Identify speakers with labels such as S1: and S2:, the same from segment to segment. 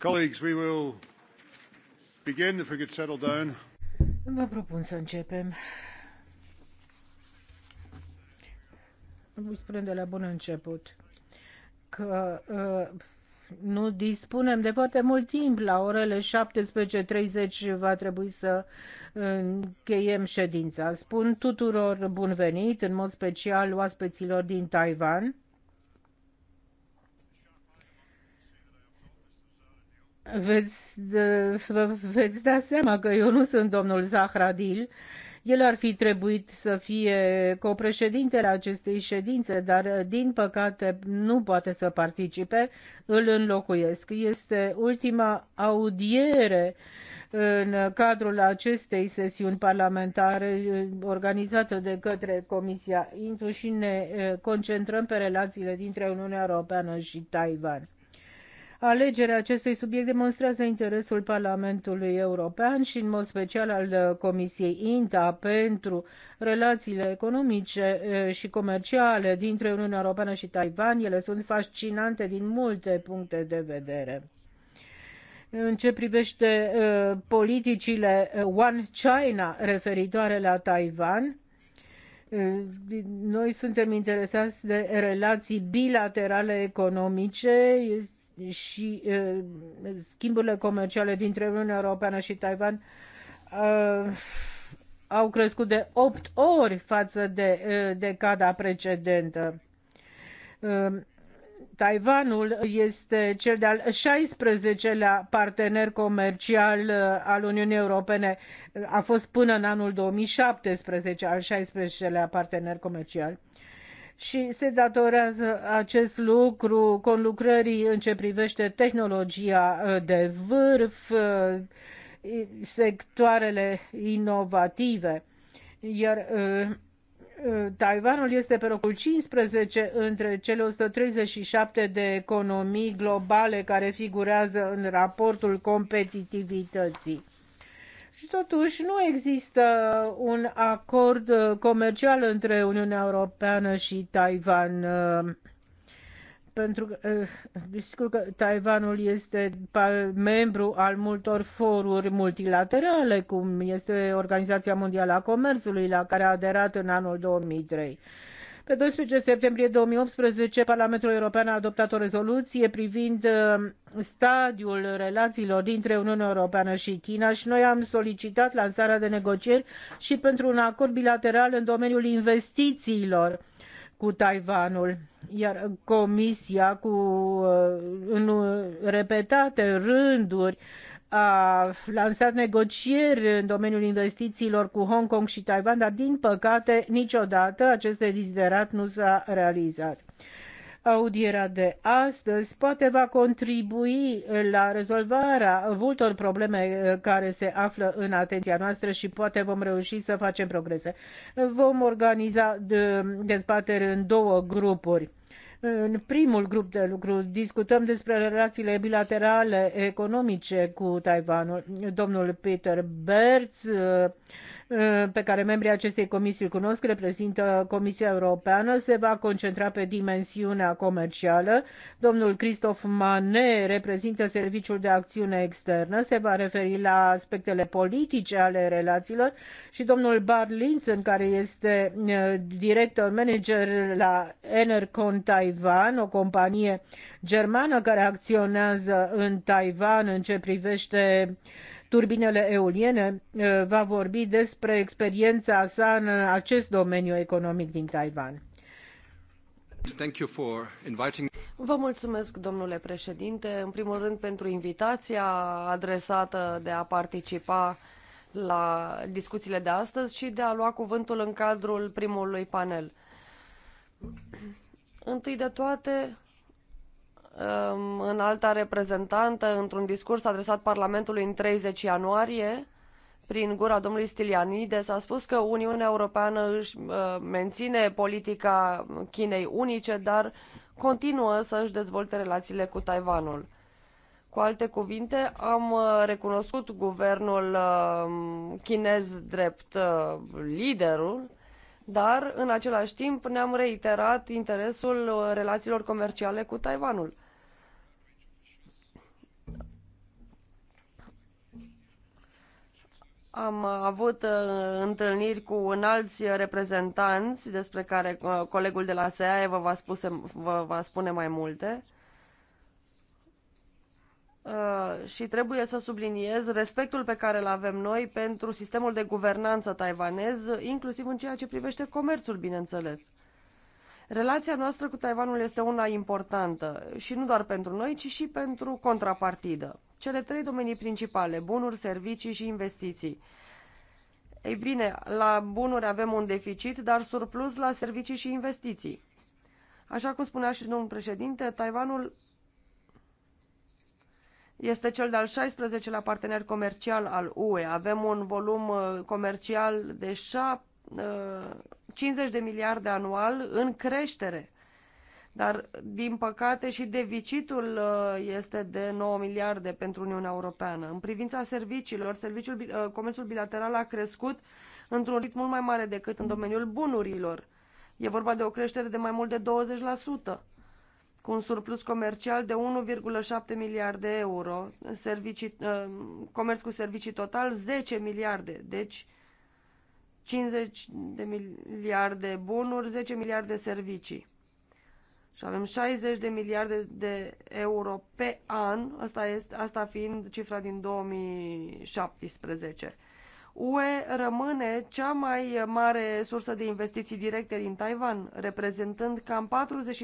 S1: Colleagues, we will begin if we could settle down.
S2: Vă propun să începem. Vă spun de la bun început că uh, nu dispunem de foarte mult timp. La orele 17.30 va trebui să încheiem ședința. Spun tuturor bun venit, în mod special oaspeților din Taiwan veți, vă veți da seama că eu nu sunt domnul Zahradil. El ar fi trebuit să fie copreședintele acestei ședințe, dar din păcate nu poate să participe, îl înlocuiesc. Este ultima audiere în cadrul acestei sesiuni parlamentare eh, organizată de către Comisia Intu și ne eh, concentrăm pe relațiile dintre Uniunea Europeană și Taiwan. Alegerea acestui subiect demonstrează interesul Parlamentului European și în mod special al uh, Comisiei INTA pentru relațiile economice uh, și comerciale dintre Uniunea Europeană și Taiwan. Ele sunt fascinante din multe puncte de vedere în ce privește uh, politicile uh, One China referitoare la Taiwan. Uh, noi suntem interesați de relații bilaterale economice. Este și schimburile comerciale dintre Uniunea Europeană și Taiwan au crescut de 8 ori față de decada precedentă. Taiwanul este cel de-al 16-lea partener comercial al Uniunii Europene. A fost până în anul 2017 al 16-lea partener comercial. Uh, și se datorează acest lucru conlucrării în ce privește tehnologia uh, de vârf, uh, sectoarele inovative. Iar uh, Taiwanul este pe locul 15 între cele 137 de economii globale care figurează în raportul competitivității. Și totuși nu există un acord uh, comercial între Uniunea Europeană și Taiwan uh, pentru că, uh, sigur că Taiwanul este membru al multor foruri multilaterale, cum este Organizația Mondială a Comerțului, la care a aderat în anul 2003. Pe 12 septembrie 2018, Parlamentul European a adoptat o rezoluție privind uh, stadiul relațiilor dintre Uniunea Europeană și China și noi am solicitat lansarea de negocieri și pentru un acord bilateral în domeniul investițiilor cu Taiwanul. Iar Comisia, cu uh, în repetate rânduri, a lansat negocieri în domeniul investițiilor cu Hong Kong și Taiwan, dar din păcate niciodată acest deziderat nu s-a realizat. Audierea de astăzi poate va contribui la rezolvarea multor probleme eh, care se află în atenția noastră și poate vom reuși să facem progrese. Vom organiza dezbateri în două grupuri în primul grup de lucru discutăm despre relațiile bilaterale economice cu Taiwanul. Domnul Peter Berz Uh, pe care membrii acestei comisii îl cunosc, reprezintă Comisia Europeană, se va concentra pe dimensiunea comercială. Domnul Christoph Mane reprezintă Serviciul de Acțiune Externă, se va referi la aspectele politice ale relațiilor și domnul Barlinson, care este uh, director manager la Enercon Taiwan, o companie germană care acționează în Taiwan în ce privește turbinele eoliene, uh, va vorbi despre experiența sa în acest domeniu economic din Taiwan.
S3: Vă mulțumesc, domnule președinte, în primul rând pentru invitația adresată de a participa la discuțiile de astăzi și de a lua cuvântul în cadrul primului panel. Întâi de toate, Um, în alta reprezentantă într-un discurs adresat Parlamentului în 30 ianuarie, prin gura domnului Stilianides, a spus că Uniunea Europeană își uh, menține politica Chinei unice, dar continuă să își dezvolte relațiile cu Taiwanul. Cu alte cuvinte, am uh, recunoscut guvernul uh, chinez drept liderul, dar în același timp ne-am reiterat interesul relațiilor comerciale cu Taiwanul. Am avut uh, întâlniri cu înalți reprezentanți despre care uh, colegul de la SEAE vă va, spuse, vă va spune mai multe. Uh, și trebuie să subliniez respectul pe care îl avem noi pentru sistemul de guvernanță taiwanez, inclusiv în ceea ce privește comerțul, bineînțeles. Relația noastră cu Taiwanul este una importantă și nu doar pentru noi, ci și pentru contrapartidă cele trei domenii principale, bunuri, servicii și investiții. Ei bine, la bunuri avem un deficit, dar surplus la servicii și investiții. Așa cum spunea și domnul președinte, Taiwanul este cel de-al 16-lea partener comercial al UE. Avem un volum uh, comercial de 50 uh, de miliarde anual în creștere. Dar, din păcate, și deficitul uh, este de 9 miliarde pentru Uniunea Europeană. În privința serviciilor, serviciul, uh, comerțul bilateral a crescut într-un ritm mult mai mare decât în domeniul bunurilor. E vorba de o creștere de mai mult de 20%, cu un surplus comercial de 1,7 miliarde de euro, servicii, uh, comerț cu servicii total 10 miliarde, deci 50 de miliarde bunuri, 10 miliarde servicii. Și avem 60 de miliarde de euro pe an, asta, este, asta fiind cifra din 2017. UE rămâne cea mai mare sursă de investiții directe din Taiwan, reprezentând cam 43%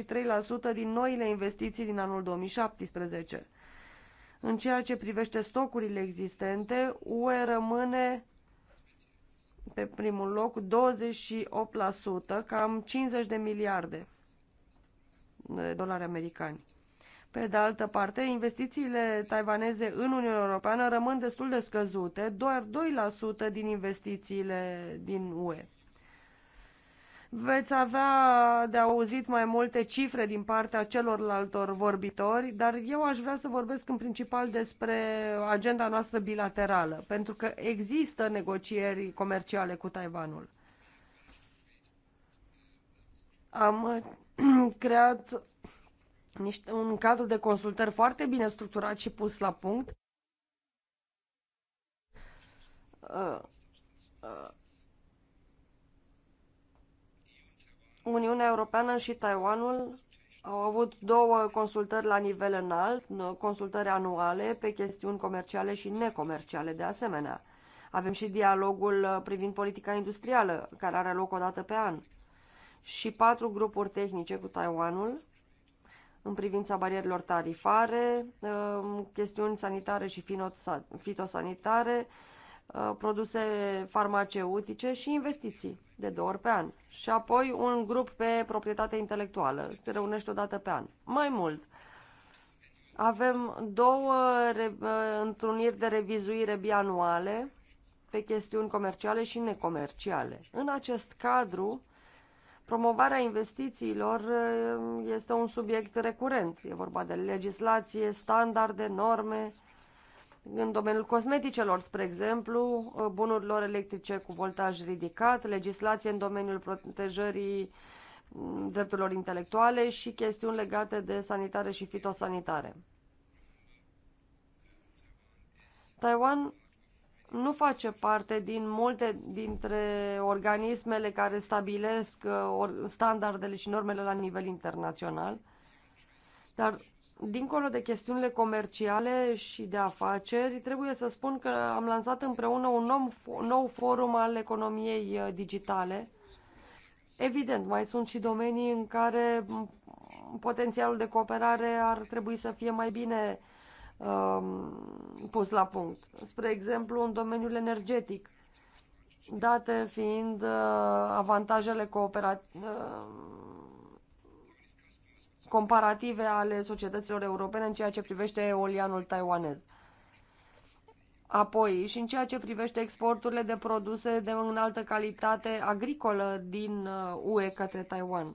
S3: din noile investiții din anul 2017. În ceea ce privește stocurile existente, UE rămâne pe primul loc 28%, cam 50 de miliarde de dolari americani. Pe de altă parte, investițiile taiwaneze în Uniunea Europeană rămân destul de scăzute, doar 2% din investițiile din UE. Veți avea de auzit mai multe cifre din partea celorlaltor vorbitori, dar eu aș vrea să vorbesc în principal despre agenda noastră bilaterală, pentru că există negocieri comerciale cu Taiwanul. Am creat niște, un cadru de consultări foarte bine structurat și pus la punct. Uh, uh, Uniunea Europeană și Taiwanul au avut două consultări la nivel înalt, consultări anuale pe chestiuni comerciale și necomerciale de asemenea. Avem și dialogul uh, privind politica industrială, care are loc o dată pe an și patru grupuri tehnice cu Taiwanul în privința barierilor tarifare, um, chestiuni sanitare și fitosanitare, uh, produse farmaceutice și investiții de două ori pe an. Și apoi un grup pe proprietate intelectuală. Se reunește o dată pe an. Mai mult, avem două uh, întruniri de revizuire bianuale pe chestiuni comerciale și necomerciale. În acest cadru, Promovarea investițiilor eh, este un subiect recurent. E vorba de legislație, standarde, norme. În domeniul cosmeticelor, spre exemplu, eh, bunurilor electrice cu voltaj ridicat, legislație în domeniul protejării mm, drepturilor intelectuale și chestiuni legate de sanitare și fitosanitare. Taiwan nu face parte din multe dintre organismele care stabilesc uh, standardele și normele la nivel internațional, dar dincolo de chestiunile comerciale și de afaceri, trebuie să spun că am lansat împreună un nou, nou forum al economiei uh, digitale. Evident, mai sunt și domenii în care potențialul de cooperare ar trebui să fie mai bine uh, Um, pus la punct. Spre exemplu, în domeniul energetic, date fiind uh, avantajele uh, comparative ale societăților europene în ceea ce privește eolianul taiwanez. Apoi, și în ceea ce privește exporturile de produse de înaltă calitate agricolă din UE uh, către Taiwan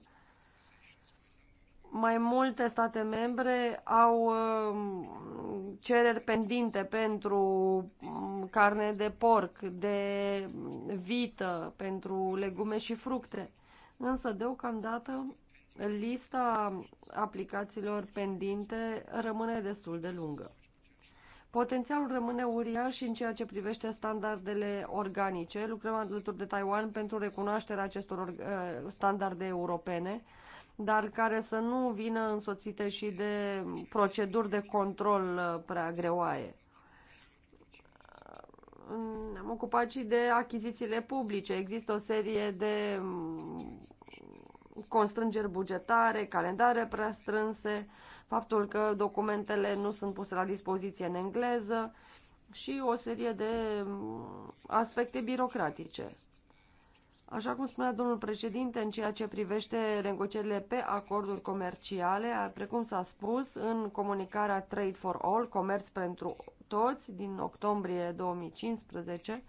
S3: mai multe state membre au um, cereri pendinte pentru um, carne de porc, de vită, pentru legume și fructe. Însă, deocamdată, lista aplicațiilor pendinte rămâne destul de lungă. Potențialul rămâne uriaș și în ceea ce privește standardele organice. Lucrăm alături de Taiwan pentru recunoașterea acestor uh, standarde europene dar care să nu vină însoțite și de proceduri de control uh, prea greoaie. Ne-am ocupat și de achizițiile publice. Există o serie de mm, constrângeri bugetare, calendare prea strânse, faptul că documentele nu sunt puse la dispoziție în engleză și o serie de mm, aspecte birocratice. Așa cum spunea domnul președinte, în ceea ce privește negocierile pe acorduri comerciale, precum s-a spus în comunicarea Trade for All, Comerț pentru toți, din octombrie 2015,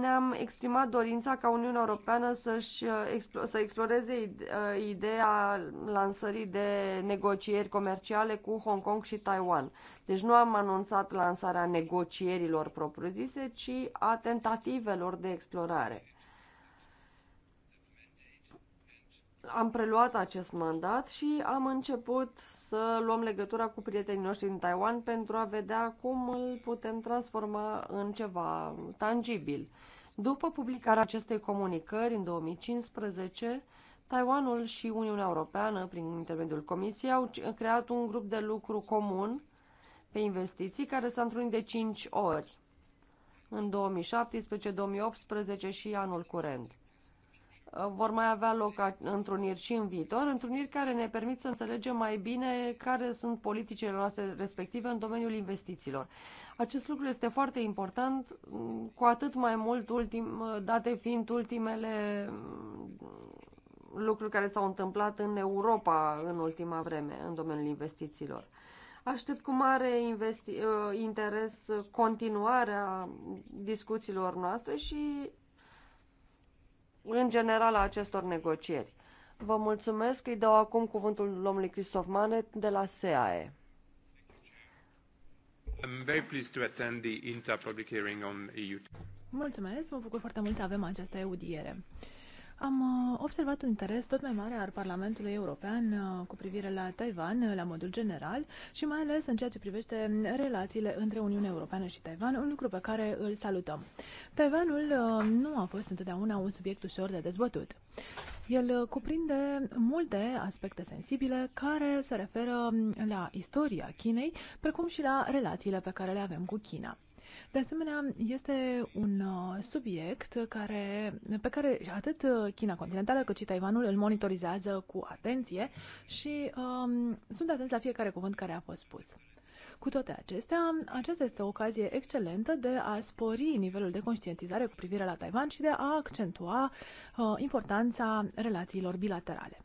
S3: ne-am exprimat dorința ca Uniunea Europeană să-și uh, să exploreze uh, ideea lansării de negocieri comerciale cu Hong Kong și Taiwan. Deci nu am anunțat lansarea negocierilor propriu-zise, ci a tentativelor de explorare. am preluat acest mandat și am început să luăm legătura cu prietenii noștri din Taiwan pentru a vedea cum îl putem transforma în ceva tangibil. După publicarea acestei comunicări în 2015, Taiwanul și Uniunea Europeană, prin intermediul Comisiei, au creat un grup de lucru comun pe investiții care s-a întrunit de 5 ori în 2017, 2018 și anul curent vor mai avea loc întruniri și în viitor, întruniri care ne permit să înțelegem mai bine care sunt politicile noastre respective în domeniul investițiilor. Acest lucru este foarte important, mm, cu atât mai mult ultim, mm, date fiind ultimele mm, lucruri care s-au întâmplat în Europa în ultima vreme în domeniul investițiilor. Aștept cu mare uh, interes continuarea discuțiilor noastre și în general a acestor negocieri. Vă mulțumesc, îi dau acum cuvântul domnului Cristof Manet de la SEAE. Mulțumesc, mă bucur foarte
S4: mult să avem această audiere. Am uh, observat un interes tot mai mare al Parlamentului European uh, cu privire la Taiwan, uh, la modul general, și mai ales în ceea ce privește relațiile între Uniunea Europeană și Taiwan, un lucru pe care îl salutăm. Taiwanul nu a fost întotdeauna un subiect ușor de dezbătut. El cuprinde multe aspecte sensibile care se referă um, la istoria Chinei, precum și la relațiile pe care le avem cu China. De asemenea, este un uh, subiect care, pe care atât uh, China continentală cât și Taiwanul îl monitorizează cu atenție și um, sunt atenți la fiecare cuvânt care a fost spus. Cu toate acestea, aceasta este o ocazie excelentă de a spori nivelul de conștientizare cu privire la Taiwan și de a accentua uh, importanța relațiilor bilaterale.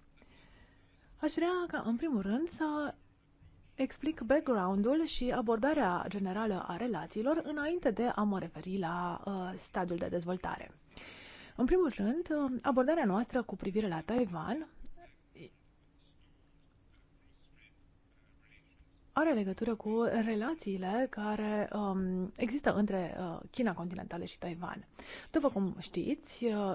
S4: Aș vrea ca, în primul rând, să explic background-ul și abordarea generală a relațiilor înainte de a mă referi la uh, stadiul de dezvoltare. În primul rând, uh, abordarea noastră cu privire la Taiwan are legătură cu relațiile care um, există între uh, China continentală și Taiwan. După cum știți, uh,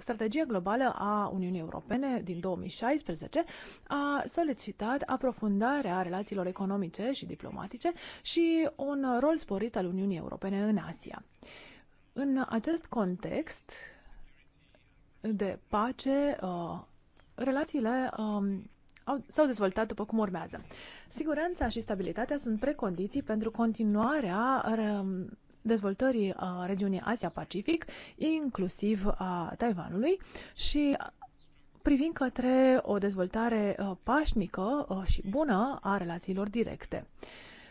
S4: strategia globală a Uniunii Europene din 2016 a solicitat aprofundarea relațiilor economice și diplomatice și un rol sporit al Uniunii Europene în Asia. În acest context de pace, uh, relațiile um, s-au dezvoltat după cum urmează. Siguranța și stabilitatea sunt precondiții pentru continuarea dezvoltării a uh, regiunii Asia-Pacific, inclusiv a Taiwanului și privind către o dezvoltare uh, pașnică uh, și bună a relațiilor directe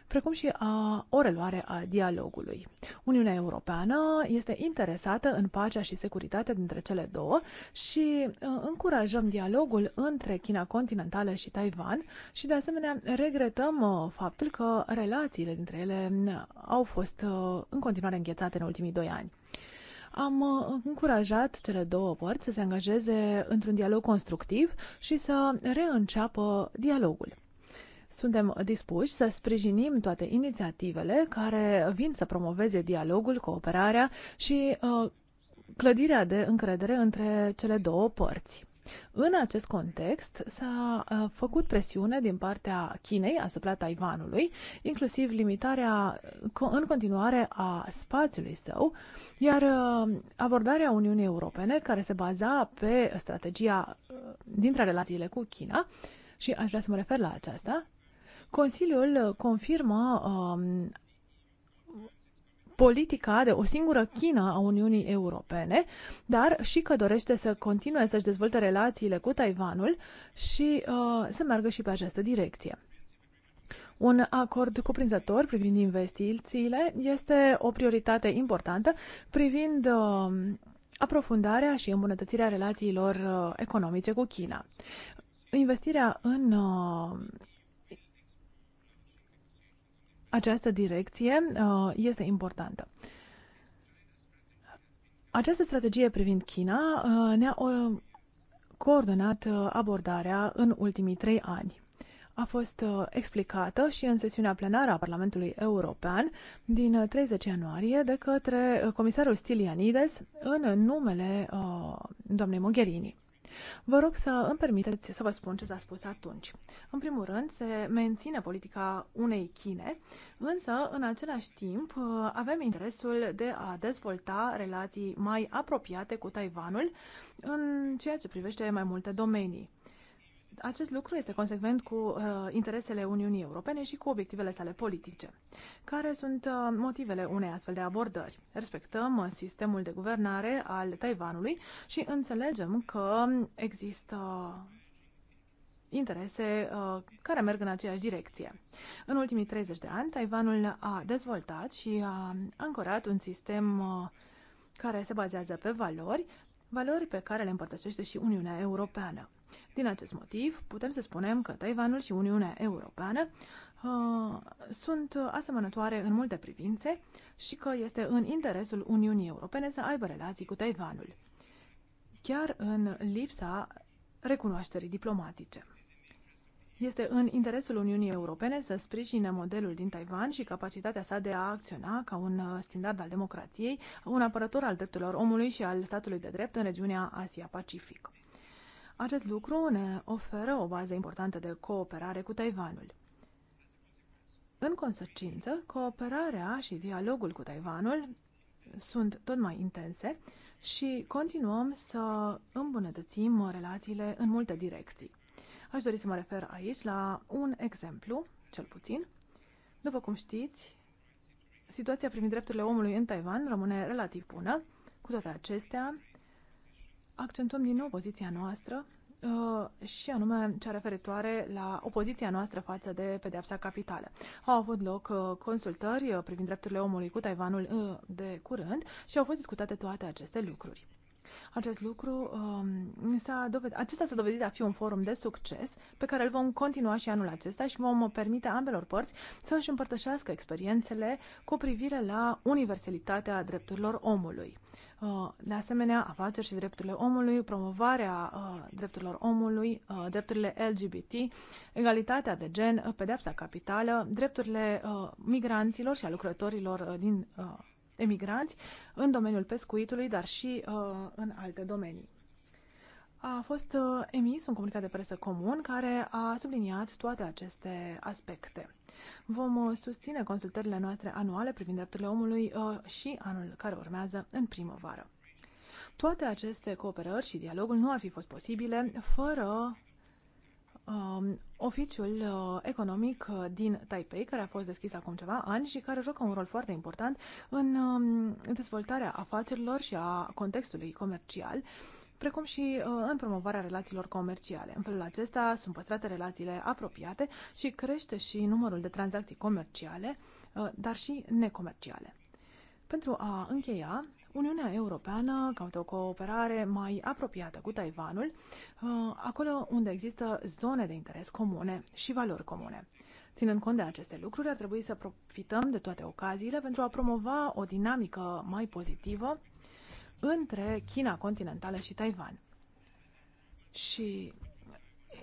S4: precum și a, o reluare a dialogului. Uniunea Europeană este interesată în pacea și securitatea dintre cele două și ă, încurajăm dialogul între China continentală și Taiwan și de asemenea regretăm ă, faptul că relațiile dintre ele ă, au fost în continuare înghețate în ultimii doi ani am încurajat cele două părți să se angajeze într-un dialog constructiv și să reînceapă dialogul. Suntem dispuși să sprijinim toate inițiativele care vin să promoveze dialogul, cooperarea și uh, clădirea de încredere între cele două părți. În acest context s-a uh, făcut presiune din partea Chinei asupra Taiwanului, inclusiv limitarea uh, în continuare a spațiului său, iar uh, abordarea Uniunii Europene, care se baza pe strategia dintre relațiile cu China, și aș vrea să mă refer la aceasta, Consiliul uh, confirmă um, politica de o singură China a Uniunii Europene, dar și că dorește să continue să-și dezvolte relațiile cu Taiwanul și uh, să meargă și pe această direcție. Un acord cuprinzător privind investițiile este o prioritate importantă privind uh, aprofundarea și îmbunătățirea relațiilor uh, economice cu China. Investirea în uh, această direcție uh, este importantă. Această strategie privind China uh, ne-a uh, coordonat abordarea în ultimii trei ani. A fost explicată și în sesiunea plenară a Parlamentului European din 30 ianuarie de către comisarul Stilianides în numele doamnei Mogherini. Vă rog să îmi permiteți să vă spun ce s-a spus atunci. În primul rând, se menține politica unei Chine, însă, în același timp, avem interesul de a dezvolta relații mai apropiate cu Taiwanul în ceea ce privește mai multe domenii acest lucru este consecvent cu uh, interesele Uniunii Europene și cu obiectivele sale politice. Care sunt uh, motivele unei astfel de abordări? Respectăm uh, sistemul de guvernare al Taiwanului și înțelegem că există interese uh, care merg în aceeași direcție. În ultimii 30 de ani, Taiwanul a dezvoltat și a ancorat un sistem uh, care se bazează pe valori, valori pe care le împărtășește și Uniunea Europeană. Din acest motiv, putem să spunem că Taiwanul și Uniunea Europeană uh, sunt asemănătoare în multe privințe și că este în interesul Uniunii Europene să aibă relații cu Taiwanul, chiar în lipsa recunoașterii diplomatice. Este în interesul Uniunii Europene să sprijine modelul din Taiwan și capacitatea sa de a acționa ca un uh, standard al democrației, un apărător al drepturilor omului și al statului de drept în regiunea Asia-Pacific. Acest lucru ne oferă o bază importantă de cooperare cu Taiwanul. În consecință, cooperarea și dialogul cu Taiwanul sunt tot mai intense și continuăm să îmbunătățim relațiile în multe direcții. Aș dori să mă refer aici la un exemplu, cel puțin. După cum știți, situația privind drepturile omului în Taiwan rămâne relativ bună. Cu toate acestea, accentuăm din nou poziția noastră uh, și anume cea referitoare la opoziția noastră față de pedeapsa capitală. Au avut loc uh, consultări uh, privind drepturile omului cu Taiwanul de curând și au fost discutate toate aceste lucruri. Acest lucru um, s-a dovedit, acesta s-a dovedit a fi un forum de succes pe care îl vom continua și anul acesta și vom permite ambelor părți să își împărtășească experiențele cu privire la universalitatea drepturilor omului. Uh, de asemenea, afaceri și drepturile omului, promovarea uh, drepturilor omului, uh, drepturile LGBT, egalitatea de gen, pedepsa capitală, drepturile migranților și a lucrătorilor din emigranți în domeniul pescuitului, dar și uh, în alte domenii. A fost uh, emis un comunicat de presă comun care a subliniat toate aceste aspecte. Vom uh, susține consultările noastre anuale privind drepturile omului uh, și anul care urmează în primăvară. Toate aceste cooperări și dialogul nu ar fi fost posibile fără um, oficiul uh, economic uh, din Taipei, care a fost deschis acum ceva ani și care joacă un rol foarte important în um, dezvoltarea afacerilor și a contextului comercial precum și uh, în promovarea relațiilor comerciale. În felul acesta sunt păstrate relațiile apropiate și crește și numărul de tranzacții comerciale, dar și necomerciale. Pentru a încheia, Uniunea Europeană caută o cooperare mai apropiată cu Taiwanul, uh, acolo unde există zone de interes comune și valori comune. Ținând cont de aceste lucruri, ar trebui să profităm de toate ocaziile pentru a promova o dinamică mai pozitivă între China continentală și Taiwan. Și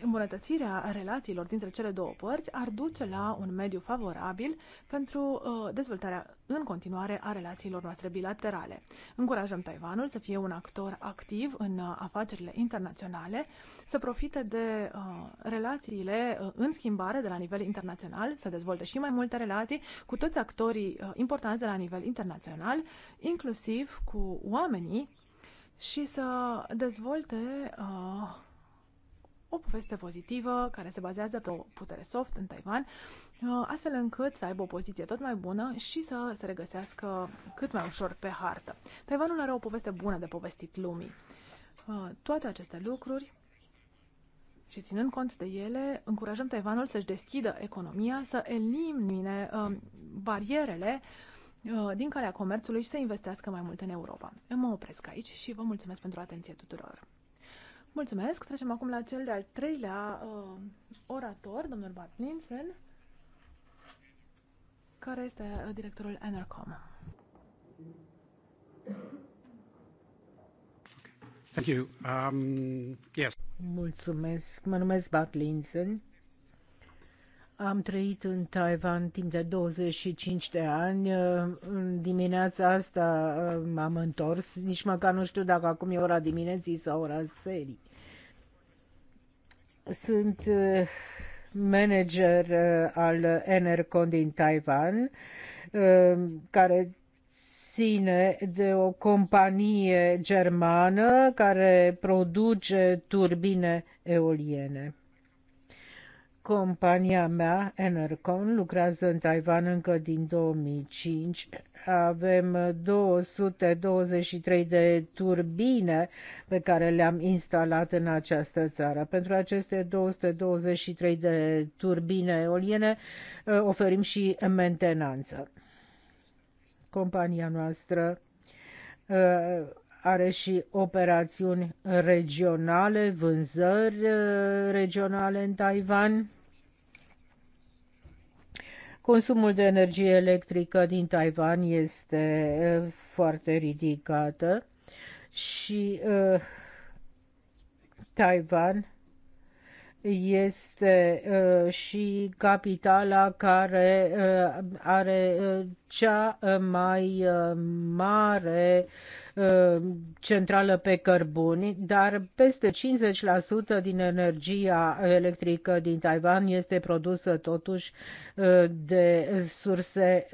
S4: îmbunătățirea relațiilor dintre cele două părți ar duce la un mediu favorabil pentru uh, dezvoltarea în continuare a relațiilor noastre bilaterale. Încurajăm Taiwanul să fie un actor activ în uh, afacerile internaționale, să profite de uh, relațiile în schimbare de la nivel internațional, să dezvolte și mai multe relații cu toți actorii importanți de la nivel internațional, inclusiv cu oamenii și să dezvolte uh, o poveste pozitivă care se bazează pe o putere soft în Taiwan, uh, astfel încât să aibă o poziție tot mai bună și să se regăsească cât mai ușor pe hartă. Taiwanul are o poveste bună de povestit lumii. Uh, toate aceste lucruri și ținând cont de ele, încurajăm Taiwanul să-și deschidă economia, să elimine uh, barierele din calea comerțului și să investească mai mult în Europa. Eu mă opresc aici și vă mulțumesc pentru atenție tuturor. Mulțumesc. Trecem acum la cel de-al treilea uh, orator, domnul Bart Linsen, care este uh, directorul Enercom.
S2: Thank you. Um, yes. Mulțumesc. Mă numesc Bart Linsen. Am trăit în Taiwan timp de 25 de ani. În dimineața asta uh, m-am întors. Nici măcar nu știu dacă acum e ora dimineții sau ora serii. Sunt uh, manager uh, al Enercon din Taiwan, uh, care ține de o companie germană care produce turbine eoliene. Compania mea, Enercon, lucrează în Taiwan încă din 2005. Avem 223 de turbine pe care le-am instalat în această țară. Pentru aceste 223 de turbine eoliene uh, oferim și mentenanță. Compania noastră uh, are și operațiuni regionale, vânzări uh, regionale în Taiwan Consumul de energie electrică din Taiwan este foarte ridicată și Taiwan este uh, și capitala care uh, are uh, cea mai mare centrală pe cărbuni, dar peste 50% din energia electrică din Taiwan este produsă totuși de surse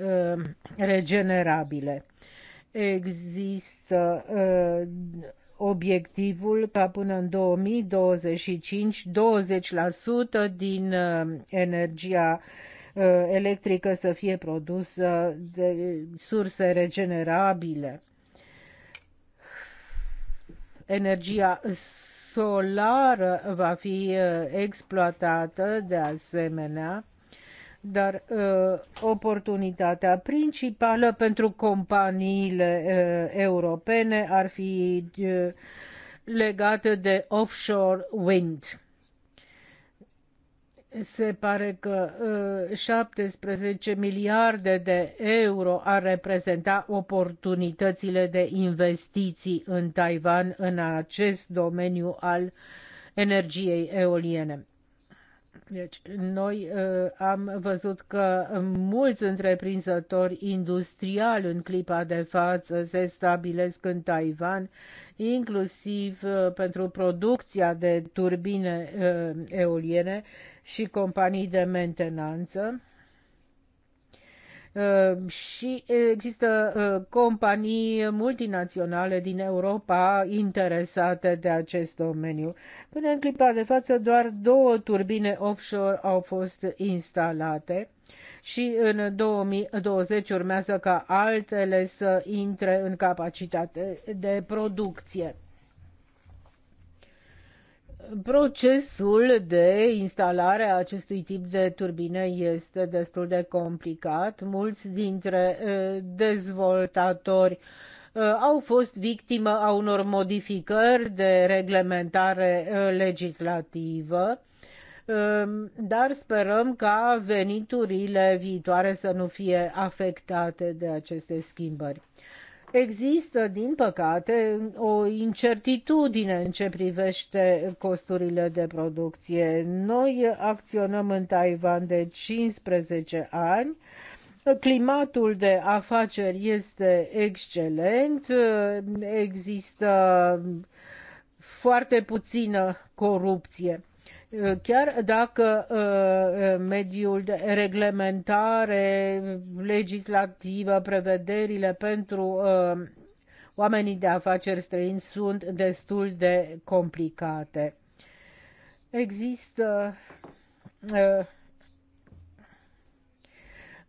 S2: regenerabile. Există obiectivul ca până în 2025 20% din uh, energia uh, electrică să fie produsă de surse regenerabile. Energia solară va fi uh, exploatată de asemenea dar uh, oportunitatea principală pentru companiile uh, europene ar fi uh, legată de offshore wind. Se pare că 17 miliarde de euro ar reprezenta oportunitățile de investiții în Taiwan în acest domeniu al energiei eoliene. Deci, noi uh, am văzut că mulți întreprinzători industriali în clipa de față se stabilesc în Taiwan, inclusiv uh, pentru producția de turbine uh, eoliene și companii de mentenanță. Uh, și există uh, companii multinaționale din Europa interesate de acest domeniu. Până în clipa de față, doar două turbine offshore au fost instalate și în 2020 urmează ca altele să intre în capacitate de producție. Procesul de instalare a acestui tip de turbine este destul de complicat. Mulți dintre eh, dezvoltatori eh, au fost victimă a unor modificări de reglementare eh, legislativă, dar sperăm ca veniturile viitoare să nu fie afectate de aceste schimbări. Există, din păcate, o incertitudine în ce privește costurile de producție. Noi acționăm în Taiwan de 15 ani. Climatul de afaceri este excelent, există foarte puțină corupție chiar dacă uh, uh, mediul de reglementare legislativă, prevederile pentru uh, oamenii de afaceri străini sunt destul de complicate. Există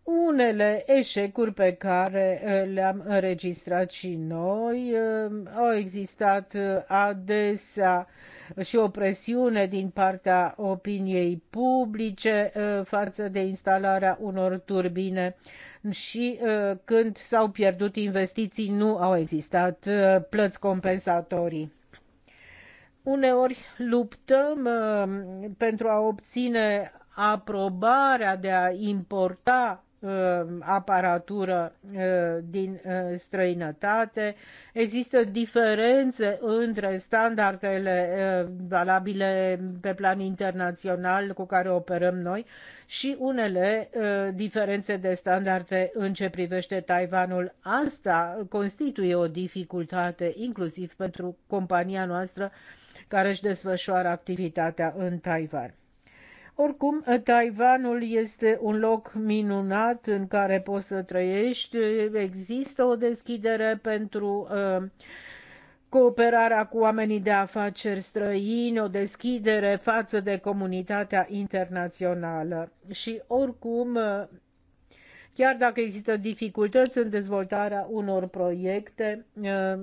S2: unele eșecuri pe care le-am înregistrat și noi. Au existat adesea și o presiune din partea opiniei publice uh, față de instalarea unor turbine și uh, când s-au pierdut investiții nu au existat uh, plăți compensatorii uneori luptăm pentru a obține aprobarea de a importa Uh, aparatură uh, din uh, străinătate. Există diferențe între standardele valabile pe plan internațional cu care operăm noi și unele diferențe de standarde în ce privește Taiwanul. Asta constituie o dificultate inclusiv pentru compania noastră care își desfășoară activitatea în Taiwan. Oricum, Taiwanul este un loc minunat în care poți să trăiești. Există o deschidere pentru uh, cooperarea cu oamenii de afaceri străini, o deschidere față de comunitatea internațională. Și oricum, uh, chiar dacă există dificultăți în dezvoltarea unor proiecte, uh,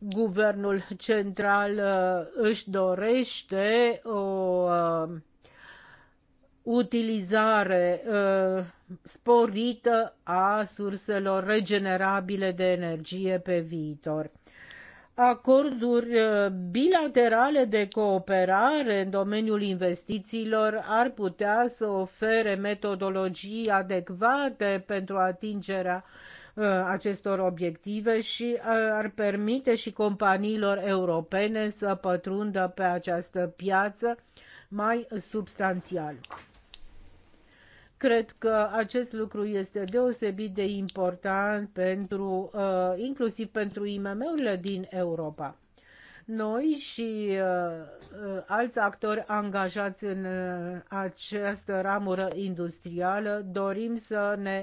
S2: Guvernul central uh, își dorește o uh, utilizare uh, sporită a surselor regenerabile de energie pe viitor acorduri bilaterale de cooperare în domeniul investițiilor ar putea să ofere metodologii adecvate pentru atingerea Uh, acestor obiective și uh, ar permite și companiilor europene să pătrundă pe această piață mai substanțial. Cred că acest lucru este deosebit de important pentru, uh, inclusiv pentru IMM-urile din Europa noi și uh, alți actori angajați în uh, această ramură industrială dorim să ne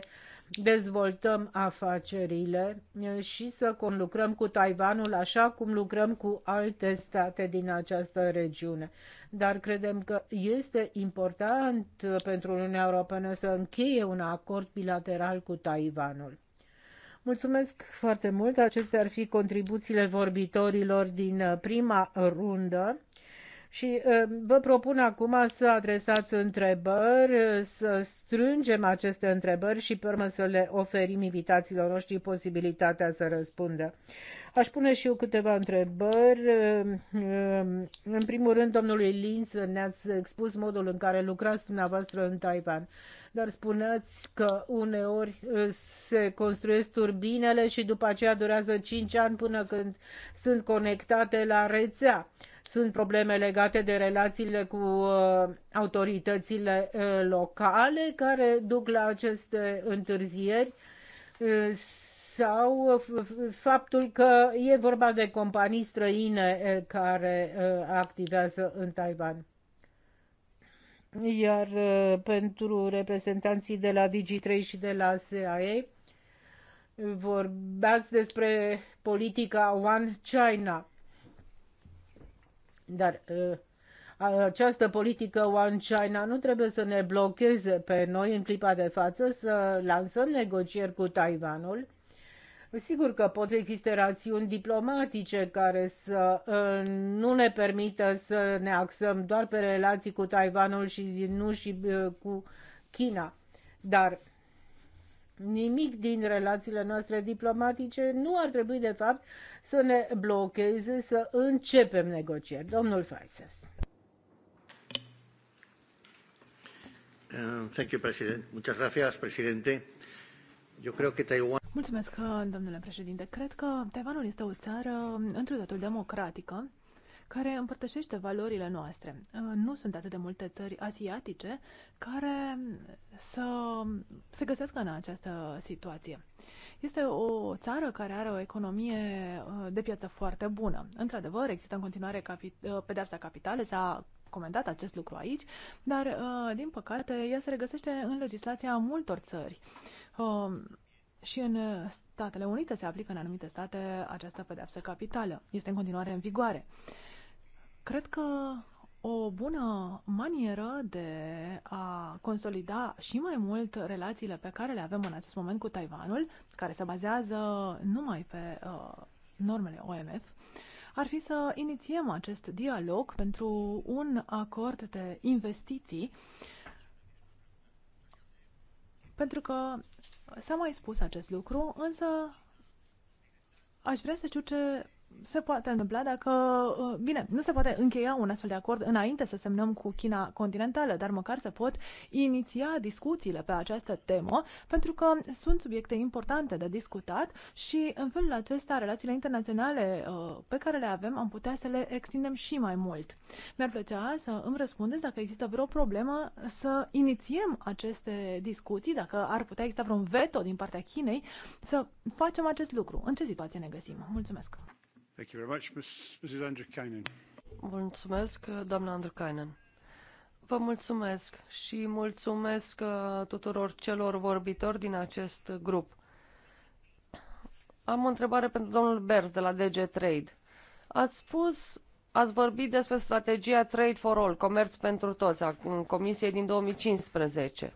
S2: dezvoltăm afacerile și să lucrăm cu Taiwanul așa cum lucrăm cu alte state din această regiune. Dar credem că este important pentru Uniunea Europeană să încheie un acord bilateral cu Taiwanul. Mulțumesc foarte mult. Acestea ar fi contribuțiile vorbitorilor din prima rundă. Și uh, vă propun acum să adresați întrebări, să strângem aceste întrebări și pe urmă să le oferim invitațiilor noștri posibilitatea să răspundă. Aș pune și eu câteva întrebări. În primul rând, domnului Linz, ne-ați expus modul în care lucrați dumneavoastră în Taiwan, dar spuneați că uneori uh, se construiesc turbinele și după aceea durează 5 ani până când sunt conectate la rețea sunt probleme legate de relațiile cu uh, autoritățile uh, locale care duc la aceste întârzieri sau faptul că e vorba de companii străine care activează în Taiwan. Iar pentru reprezentanții de la Digi3 și de la CIA, vorbeați despre politica One China. Dar această politică One China nu trebuie să ne blocheze pe noi în clipa de față să lansăm negocieri cu Taiwanul Sigur că pot să existe rațiuni diplomatice care să ă, nu ne permită să ne axăm doar pe relații cu Taiwanul și nu și ă, cu China. Dar nimic din relațiile noastre diplomatice nu ar trebui, de fapt, să ne blocheze să începem negocieri. Domnul Faises.
S1: Uh, thank you, President. Muchas gracias, Presidente. Eu cred că Taiwan...
S4: Mulțumesc, domnule președinte. Cred că Taiwanul este o țară într-o totul democratică care împărtășește valorile noastre. Uh, nu sunt atât de multe țări asiatice care să se găsească în această situație. Este o țară care are o economie uh, de piață foarte bună. Într-adevăr, există în continuare capi- uh, pedepsa capitală, s-a comentat acest lucru aici, dar, din păcate, ea se regăsește în legislația multor țări. Um, și în uh, Statele Unite se aplică în anumite state această pedeapsă capitală. Este în continuare în vigoare. Cred că o bună manieră de a consolida și mai mult relațiile pe care le avem în acest moment cu Taiwanul, care se bazează numai pe uh, normele OMF, ar fi să inițiem acest dialog pentru un acord de investiții uh, pentru că s-a mai spus acest lucru, însă aș vrea să știu ce se poate întâmpla dacă, uh, bine, nu se poate încheia un astfel de acord înainte să semnăm cu China continentală, dar măcar se pot iniția discuțiile pe această temă, pentru că sunt subiecte importante de discutat și în felul acesta relațiile internaționale uh, pe care le avem am putea să le extindem și mai mult. Mi-ar plăcea să îmi răspundeți dacă există vreo problemă să inițiem aceste discuții, dacă ar putea exista vreun veto din partea Chinei, să facem acest lucru. În ce situație ne
S3: găsim? Mulțumesc!
S1: Thank Andrikainen.
S3: Mulțumesc, doamna Andrikainen. Vă mulțumesc și mulțumesc uh, tuturor celor vorbitori din acest grup. Am o întrebare pentru domnul Berz de la DG Trade. Ați spus, ați vorbit despre strategia Trade for All, comerț pentru toți, a Comisiei din 2015.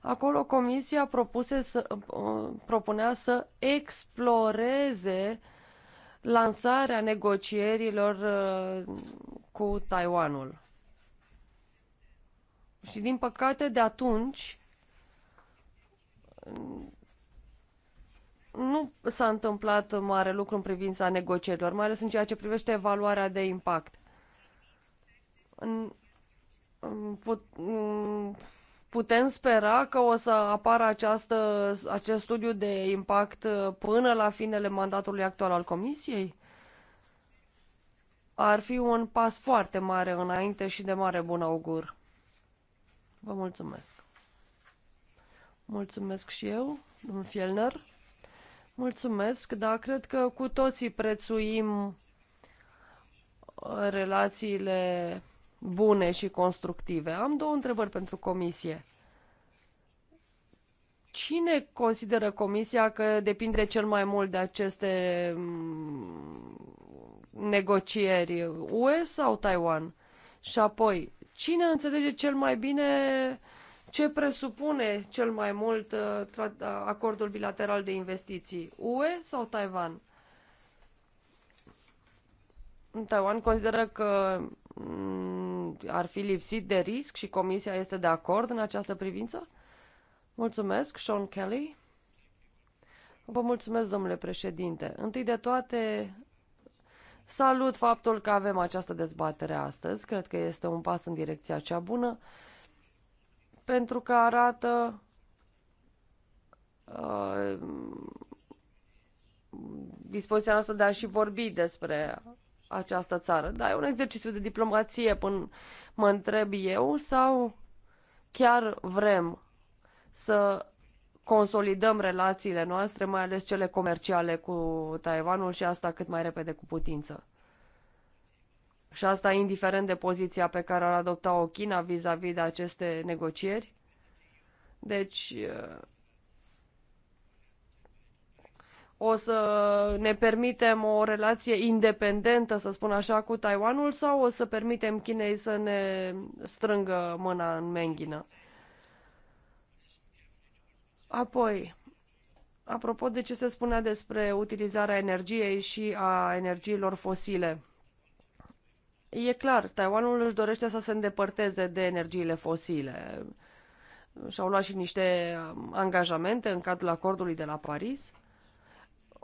S3: Acolo Comisia propuse să, uh, propunea să exploreze lansarea negocierilor uh, cu Taiwanul. Și din păcate de atunci nu s-a întâmplat mare lucru în privința negocierilor, mai ales în ceea ce privește evaluarea de impact. În, în, put, în, putem spera că o să apară această, acest studiu de impact până la finele mandatului actual al Comisiei? Ar fi un pas foarte mare înainte și de mare bun augur. Vă mulțumesc. Mulțumesc și eu, domnul Fielner. Mulțumesc, dar cred că cu toții prețuim uh, relațiile bune și constructive. Am două întrebări pentru comisie. Cine consideră comisia că depinde cel mai mult de aceste mm, negocieri, UE sau Taiwan? Și apoi, cine înțelege cel mai bine ce presupune cel mai mult uh, acordul bilateral de investiții, UE sau Taiwan? Taiwan consideră că Mm, ar fi lipsit de risc și Comisia este de acord în această privință? Mulțumesc, Sean Kelly. Vă mulțumesc, domnule președinte. Întâi de toate, salut faptul că avem această dezbatere astăzi. Cred că este un pas în direcția cea bună, pentru că arată uh, dispoziția noastră de a și vorbi despre această țară. Da, e un exercițiu de diplomație până mă întreb eu sau chiar vrem să consolidăm relațiile noastre, mai ales cele comerciale cu Taiwanul și asta cât mai repede cu putință. Și asta indiferent de poziția pe care ar adopta-o China vis-a-vis -vis de aceste negocieri. Deci, o să ne permitem o relație independentă, să spun așa, cu Taiwanul sau o să permitem Chinei să ne strângă mâna în menghină? Apoi, apropo de ce se spunea despre utilizarea energiei și a energiilor fosile, e clar, Taiwanul își dorește să se îndepărteze de energiile fosile. Și-au luat și niște angajamente în cadrul acordului de la Paris.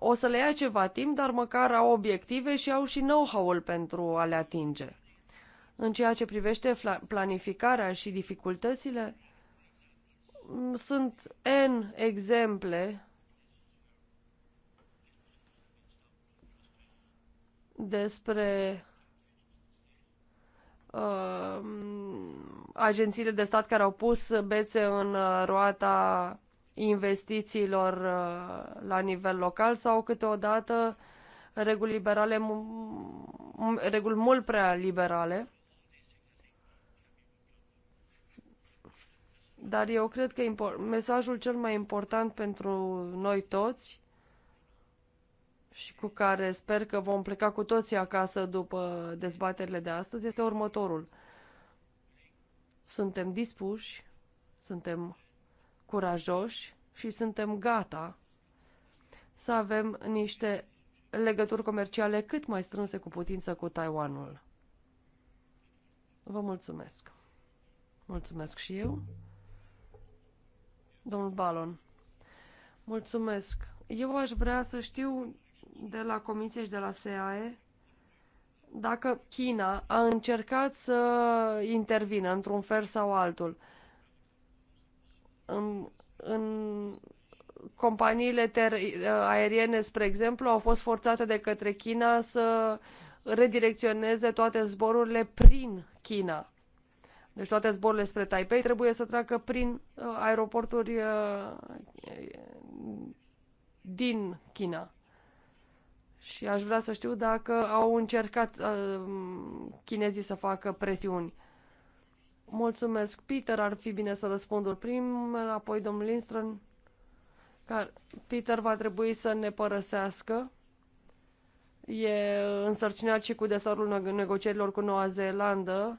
S3: O să le ia ceva timp, dar măcar au obiective și au și know-how-ul pentru a le atinge. În ceea ce privește planificarea și dificultățile, mm, sunt N exemple despre uh, mm, agențiile de stat care au pus bețe în uh, roata investițiilor uh, la nivel local sau câteodată reguli liberale, reguli mult prea liberale. Dar eu cred că mesajul cel mai important pentru noi toți și cu care sper că vom pleca cu toții acasă după dezbaterile de astăzi este următorul. Suntem dispuși, suntem curajoși și suntem gata să avem niște legături comerciale cât mai strânse cu putință cu Taiwanul. Vă mulțumesc. Mulțumesc și eu. Domnul Balon, mulțumesc. Eu aș vrea să știu de la Comisie și de la SAE dacă China a încercat să intervină într-un fel sau altul. În, în companiile aeriene, spre exemplu, au fost forțate de către China să redirecționeze toate zborurile prin China. Deci toate zborurile spre Taipei trebuie să treacă prin uh, aeroporturi uh, din China. Și aș vrea să știu dacă au încercat uh, chinezii să facă presiuni. Mulțumesc, Peter. Ar fi bine să răspundă primul, apoi domnul Lindström. Care Peter va trebui să ne părăsească. E însărcinat și cu desarul negocierilor cu Noua Zeelandă,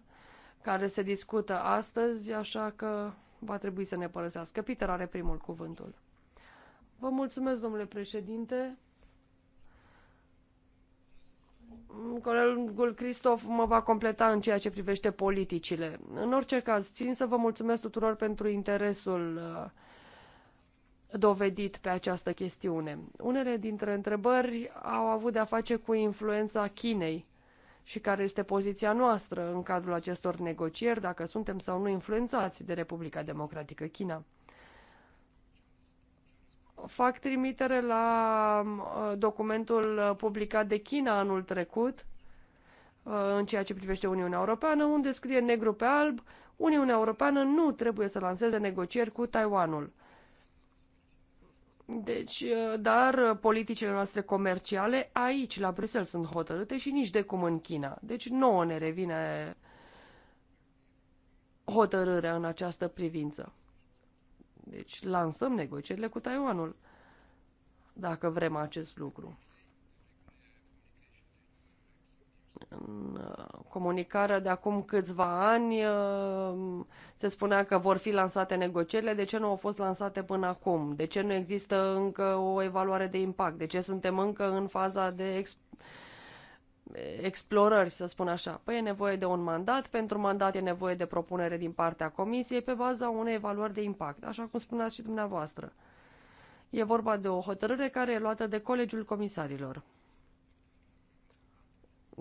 S3: care se discută astăzi, așa că va trebui să ne părăsească. Peter are primul cuvântul. Vă mulțumesc, domnule președinte. Colegul Cristof mă va completa în ceea ce privește politicile. În orice caz, țin să vă mulțumesc tuturor pentru interesul uh, dovedit pe această chestiune. Unele dintre întrebări au avut de-a face cu influența Chinei și care este poziția noastră în cadrul acestor negocieri, dacă suntem sau nu influențați de Republica Democratică China fac trimitere la uh, documentul uh, publicat de China anul trecut uh, în ceea ce privește Uniunea Europeană, unde scrie negru pe alb Uniunea Europeană nu trebuie să lanseze negocieri cu Taiwanul. Deci, dar politicile noastre comerciale aici, la Bruxelles, sunt hotărâte și nici de cum în China. Deci nouă ne revine hotărârea în această privință. Deci lansăm negocierile cu Taiwanul dacă vrem acest lucru. În uh, comunicarea de acum câțiva ani uh, se spunea că vor fi lansate negocierile. De ce nu au fost lansate până acum? De ce nu există încă o evaluare de impact? De ce suntem încă în faza de explorări, să spun așa. Păi e nevoie de un mandat, pentru mandat e nevoie de propunere din partea comisiei pe baza unei evaluări de impact, așa cum spuneați și dumneavoastră. E vorba de o hotărâre care e luată de Colegiul Comisarilor.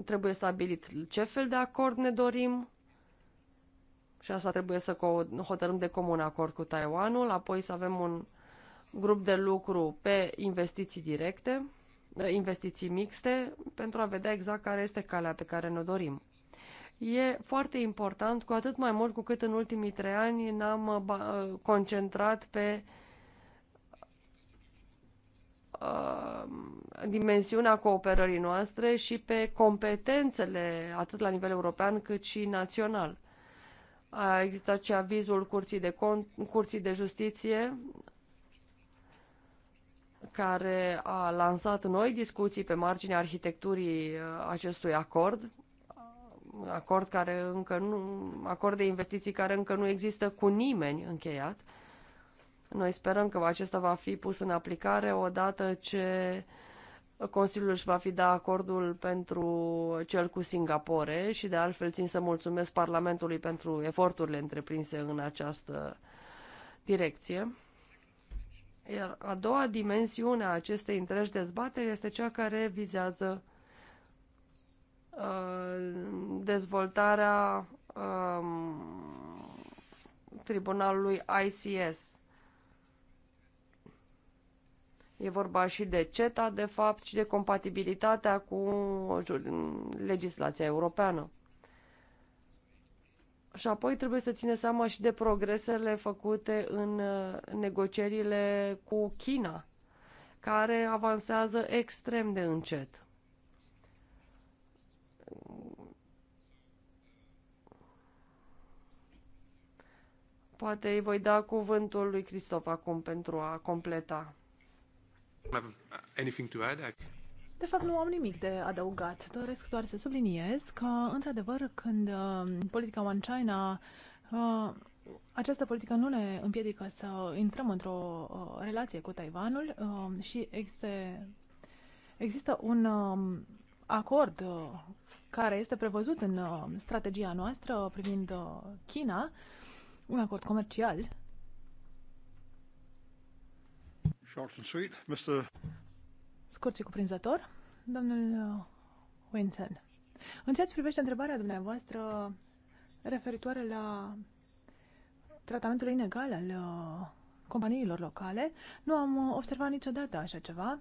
S3: Trebuie stabilit ce fel de acord ne dorim și asta trebuie să hotărâm de comun acord cu Taiwanul, apoi să avem un grup de lucru pe investiții directe, investiții mixte pentru a vedea exact care este calea pe care ne-o dorim. E foarte important, cu atât mai mult cu cât în ultimii trei ani ne-am uh, uh, concentrat pe uh, dimensiunea cooperării noastre și pe competențele atât la nivel european cât și național. A existat și avizul Curții de, Con- Curții de Justiție care a lansat noi discuții pe marginea arhitecturii uh, acestui acord, uh, acord, care încă nu, acord de investiții care încă nu există cu nimeni încheiat. Noi sperăm că acesta va fi pus în aplicare odată ce Consiliul își va fi da acordul pentru cel cu Singapore și de altfel țin să mulțumesc Parlamentului pentru eforturile întreprinse în această direcție. Iar a doua dimensiune a acestei întregi dezbateri este cea care vizează uh, dezvoltarea uh, tribunalului ICS. E vorba și de CETA, de fapt, și de compatibilitatea cu legislația europeană. Și apoi trebuie să ține seama și de progresele făcute în uh, negocierile cu China, care avansează extrem de încet. Poate îi voi da cuvântul lui Cristof acum pentru a completa. De fapt, nu
S4: am nimic de adăugat. Doresc doar să subliniez că, într-adevăr, când um, politica One China uh, această politică nu ne împiedică să intrăm într-o uh, relație cu Taiwanul uh, și există există un um, uh, acord care este prevăzut în strategia noastră privind uh, China, un acord comercial.
S1: Short and sweet, Mr
S4: scurt și cuprinzător. Domnul uh, Winsen, în ceea ce privește întrebarea dumneavoastră referitoare la tratamentul inegal al uh, companiilor locale, nu am uh, observat niciodată așa ceva.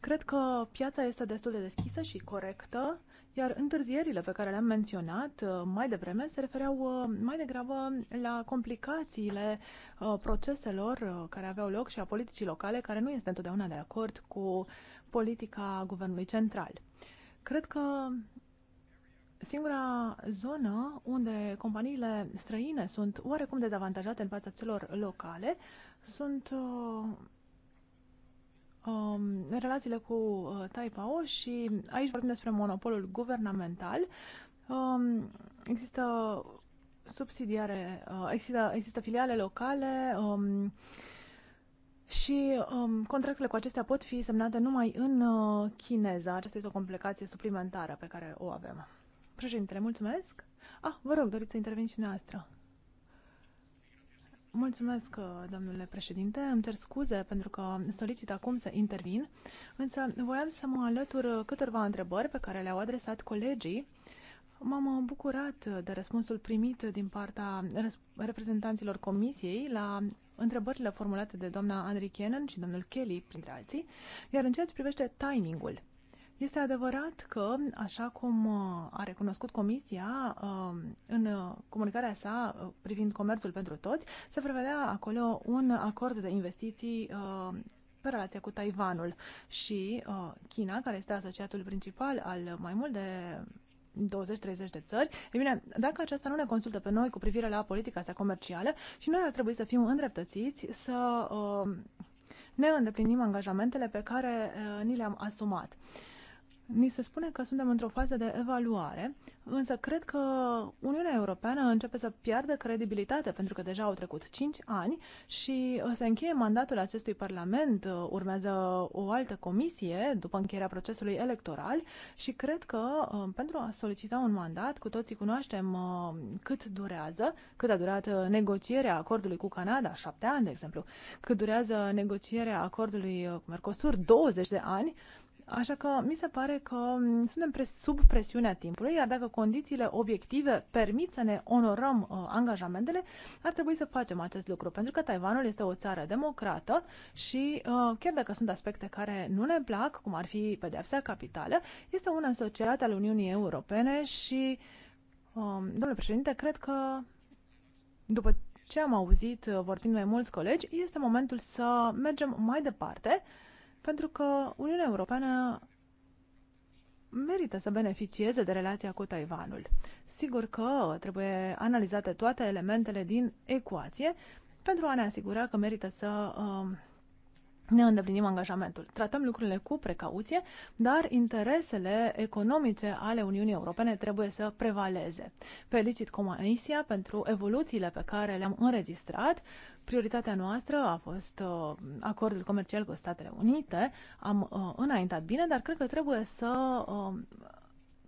S4: Cred că piața este destul de deschisă și corectă iar întârzierile pe care le-am menționat uh, mai devreme se refereau uh, mai degrabă la complicațiile uh, proceselor care aveau loc și a politicii locale, care nu este întotdeauna de acord cu politica guvernului central. Cred că singura zonă unde companiile străine sunt oarecum dezavantajate în fața celor locale sunt um, relațiile cu uh, Taipao și aici vorbim despre monopolul guvernamental. Um, există subsidiare, uh, există, există filiale locale um, și um, contractele cu acestea pot fi semnate numai în uh, chineză. Aceasta este o complicație suplimentară pe care o avem. Președintele, mulțumesc. Ah, vă rog, doriți să interveniți și noastră. Mulțumesc, uh, domnule președinte. Îmi cer scuze pentru că solicit acum să intervin, însă voiam să mă alătur uh, câteva întrebări pe care le-au adresat colegii. M-am uh, bucurat de răspunsul primit din partea reprezentanților comisiei la întrebările formulate de doamna Andri Cannon și domnul Kelly, printre alții, iar în ceea ce privește timingul. Este adevărat că, așa cum uh, a recunoscut Comisia uh, în uh, comunicarea sa privind comerțul pentru toți, se prevedea acolo un acord de investiții pe relația cu Taiwanul și China, care este asociatul principal al mai mult de 20-30 de țări. E bine, dacă aceasta nu ne consultă pe noi cu privire la politica sa comercială și noi ar trebui să fim îndreptățiți să ne îndeplinim angajamentele pe care ni le-am asumat. Ni se spune că suntem într-o fază de evaluare, însă cred că Uniunea Europeană începe să piardă credibilitate, pentru că deja au trecut 5 ani și uh, se încheie mandatul acestui Parlament, uh, urmează o altă comisie după încheierea procesului electoral și cred că uh, pentru a solicita un mandat, cu toții cunoaștem cât durează, cât a durat negocierea acordului cu Canada, 7 ani, de exemplu, cât durează negocierea acordului cu Mercosur, 20 de ani, Așa că mi se pare că mm, suntem pres- sub presiunea timpului, iar dacă condițiile obiective permit să ne onorăm uh, angajamentele, ar trebui să facem acest lucru, pentru că Taiwanul este o țară democrată și uh, chiar dacă sunt aspecte care nu ne plac, cum ar fi pedepsa capitală, este un asociat al Uniunii Europene și, uh, domnule președinte, cred că după ce am auzit uh, vorbind mai mulți colegi, este momentul să mergem mai departe pentru că Uniunea Europeană merită să beneficieze de relația cu Taiwanul. Sigur că trebuie analizate toate elementele din ecuație pentru a ne asigura că merită să uh, ne îndeplinim angajamentul. Tratăm lucrurile cu precauție, dar interesele economice ale Uniunii Europene trebuie să prevaleze. Felicit Comisia pentru evoluțiile pe care le-am înregistrat. Prioritatea noastră a fost uh, acordul comercial cu Statele Unite. Am uh, înaintat bine, dar cred că trebuie să uh,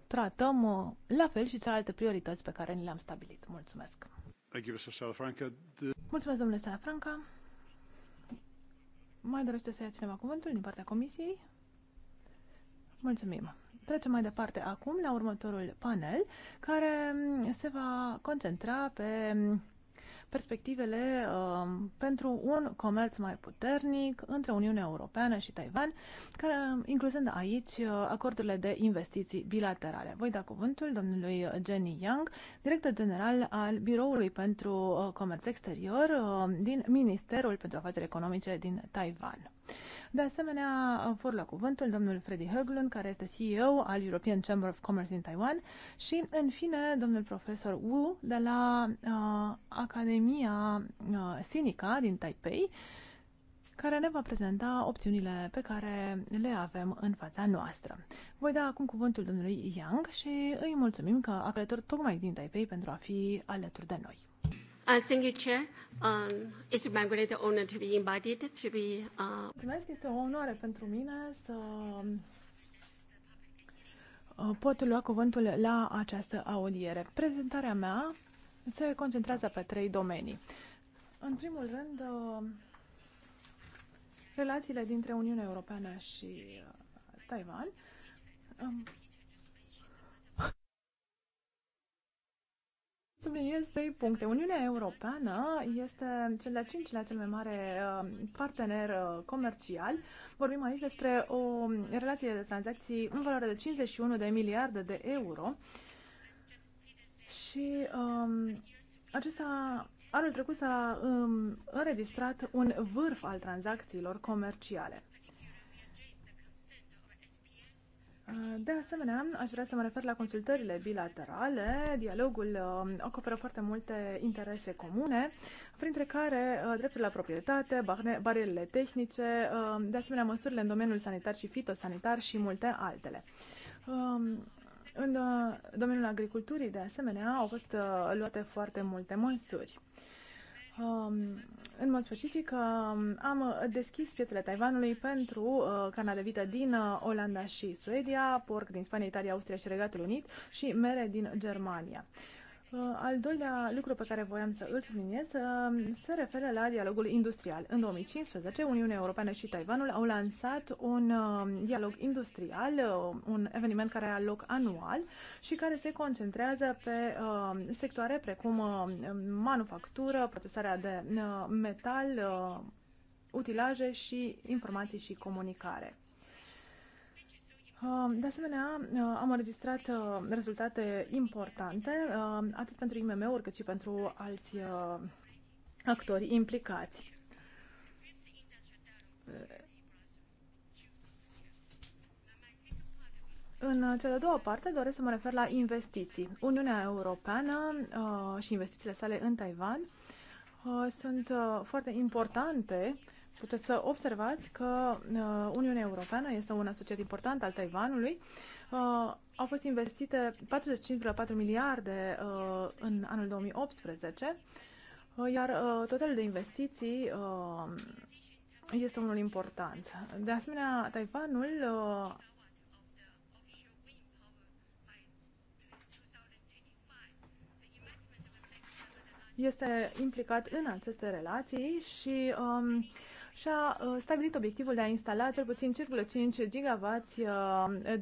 S4: tratăm uh, la fel și celelalte priorități pe care ni le-am stabilit. Mulțumesc! Mulțumesc, domnule Salafranca! Mai dorește să ia cineva cuvântul din partea comisiei? Mulțumim! Trecem mai departe acum la următorul panel, care mm, se va concentra pe mm, perspectivele uh, pentru un comerț mai puternic între Uniunea Europeană și Taiwan, care, um, incluzând aici uh, acordurile de investiții bilaterale. Voi da cuvântul domnului Jenny Yang, director general al Biroului pentru uh, Comerț Exterior uh, din Ministerul pentru Afaceri Economice din Taiwan. De asemenea, vor la cuvântul domnul Freddy Höglund, care este CEO al European Chamber of Commerce in Taiwan și, în fine, domnul profesor Wu de la uh, Academia uh, Sinica din Taipei, care ne va prezenta opțiunile pe care le avem în fața noastră. Voi da acum cuvântul domnului Yang și îi mulțumim că a călătorit tocmai din Taipei pentru a fi alături de noi.
S3: Uh, thank you, Chair. Um, it's my great honor to be invited
S4: to be... Uh... Mulțumesc, este o onoare pentru mine să um, uh, pot lua cuvântul la această audiere. Prezentarea mea se concentrează pe trei domenii. În primul rând, uh, relațiile dintre Uniunea Europeană și uh, Taiwan. Um, Subliniez trei puncte. Uniunea Europeană este cel de-al cincilea cel mai mare uh, partener uh, comercial. Vorbim aici despre o relație de tranzacții în valoare de 51 de miliarde de euro. Și um, acesta, anul trecut s-a um, înregistrat un vârf al tranzacțiilor comerciale. Ah, de asemenea, aș vrea să mă refer la consultările bilaterale. Dialogul uh, acoperă foarte multe interese comune, printre care uh, dreptul la proprietate, barierele tehnice, uh, de asemenea măsurile în domeniul sanitar și fitosanitar și multe altele. Um, în domeniul agriculturii, de asemenea, au fost luate foarte multe măsuri. Um, în mod specific, um, am deschis piețele Taiwanului pentru uh, carnea de vită din uh, Olanda și Suedia, porc din Spania, Italia, Austria și Regatul Unit și mere din Germania. Al doilea lucru pe care voiam să îl subliniez uh, se referă la dialogul industrial. În 2015, Uniunea Europeană și Taiwanul au lansat un uh, dialog industrial, uh, un eveniment care are loc anual și care se concentrează pe sectoare precum manufactură, procesarea de metal, utilaje și informații și comunicare. Um, de asemenea, uh, am înregistrat uh, rezultate importante, uh, atât pentru IMM-uri, cât și pentru alți actori implicați. În cea de-a doua parte doresc să mă refer la investiții. Uniunea Europeană și investițiile sale în Taiwan sunt foarte importante puteți să observați că uh, Uniunea Europeană este un asociat important al Taiwanului. Uh, au fost investite 45,4 miliarde uh, în anul 2018, iar totalul de investiții este unul important. De asemenea, Taiwanul este implicat în aceste relații și um, și a uh, stabilit obiectivul de a instala cel puțin 5,5 GW uh,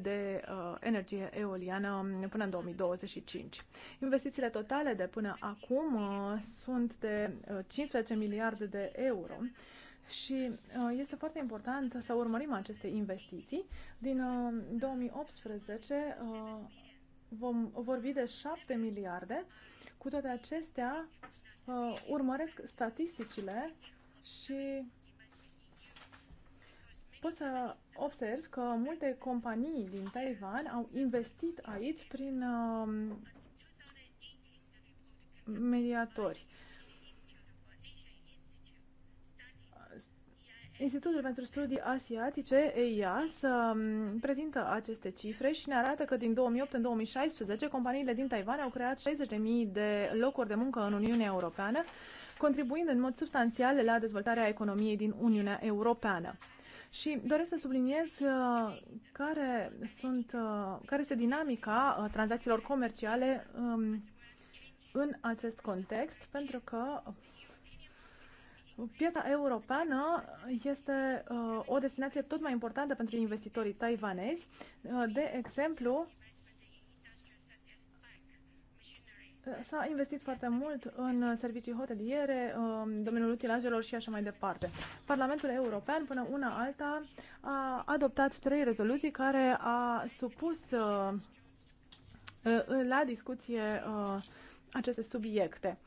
S4: de uh, energie eoliană până în 2025. Investițiile totale de până acum sunt de 15 miliarde de euro. Și este foarte important să urmărim aceste investiții. Din 2018 vom vorbi de 7 miliarde. Cu toate acestea, urmăresc statisticile și Poți să observ că multe companii din Taiwan au investit aici prin um, mediatori. Institutul pentru Studii Asiatice, EIAS, um, prezintă aceste cifre și ne arată că din 2008 în 2016 companiile din Taiwan au creat 60.000 de locuri de muncă în Uniunea Europeană, contribuind în mod substanțial la dezvoltarea economiei din Uniunea Europeană. Și doresc să subliniez uh, care, sunt, uh, care este dinamica uh, tranzacțiilor comerciale um, în acest context, pentru că piața europeană este o destinație tot mai importantă pentru investitorii taiwanezi. De exemplu, S-a investit foarte mult în servicii hoteliere, în domeniul utilajelor și așa mai departe. Parlamentul European, până una alta, a adoptat trei rezoluții care a supus uh, la discuție uh, aceste subiecte.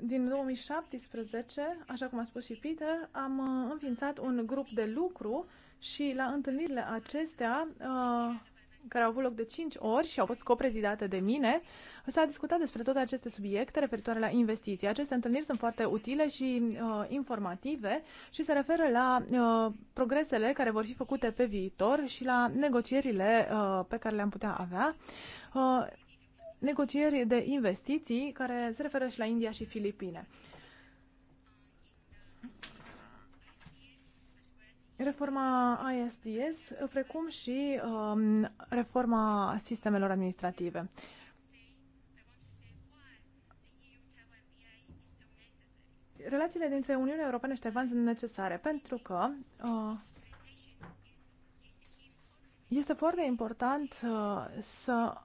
S4: Din 2017, așa cum a spus și Peter, am uh, înființat un grup de lucru și la întâlnirile acestea care au avut loc de 5 ori și au fost coprezidate de mine, s-a discutat despre toate aceste subiecte referitoare la investiții. Aceste întâlniri sunt foarte utile și uh, informative și se referă la uh, progresele care vor fi făcute pe viitor și la negocierile uh, pe care le-am putea avea. Uh, negocieri de investiții care se referă și la India și Filipine reforma ISDS, precum și um, reforma sistemelor administrative. Relațiile dintre Uniunea Europeană și Taiwan sunt necesare pentru că uh, este foarte important uh, să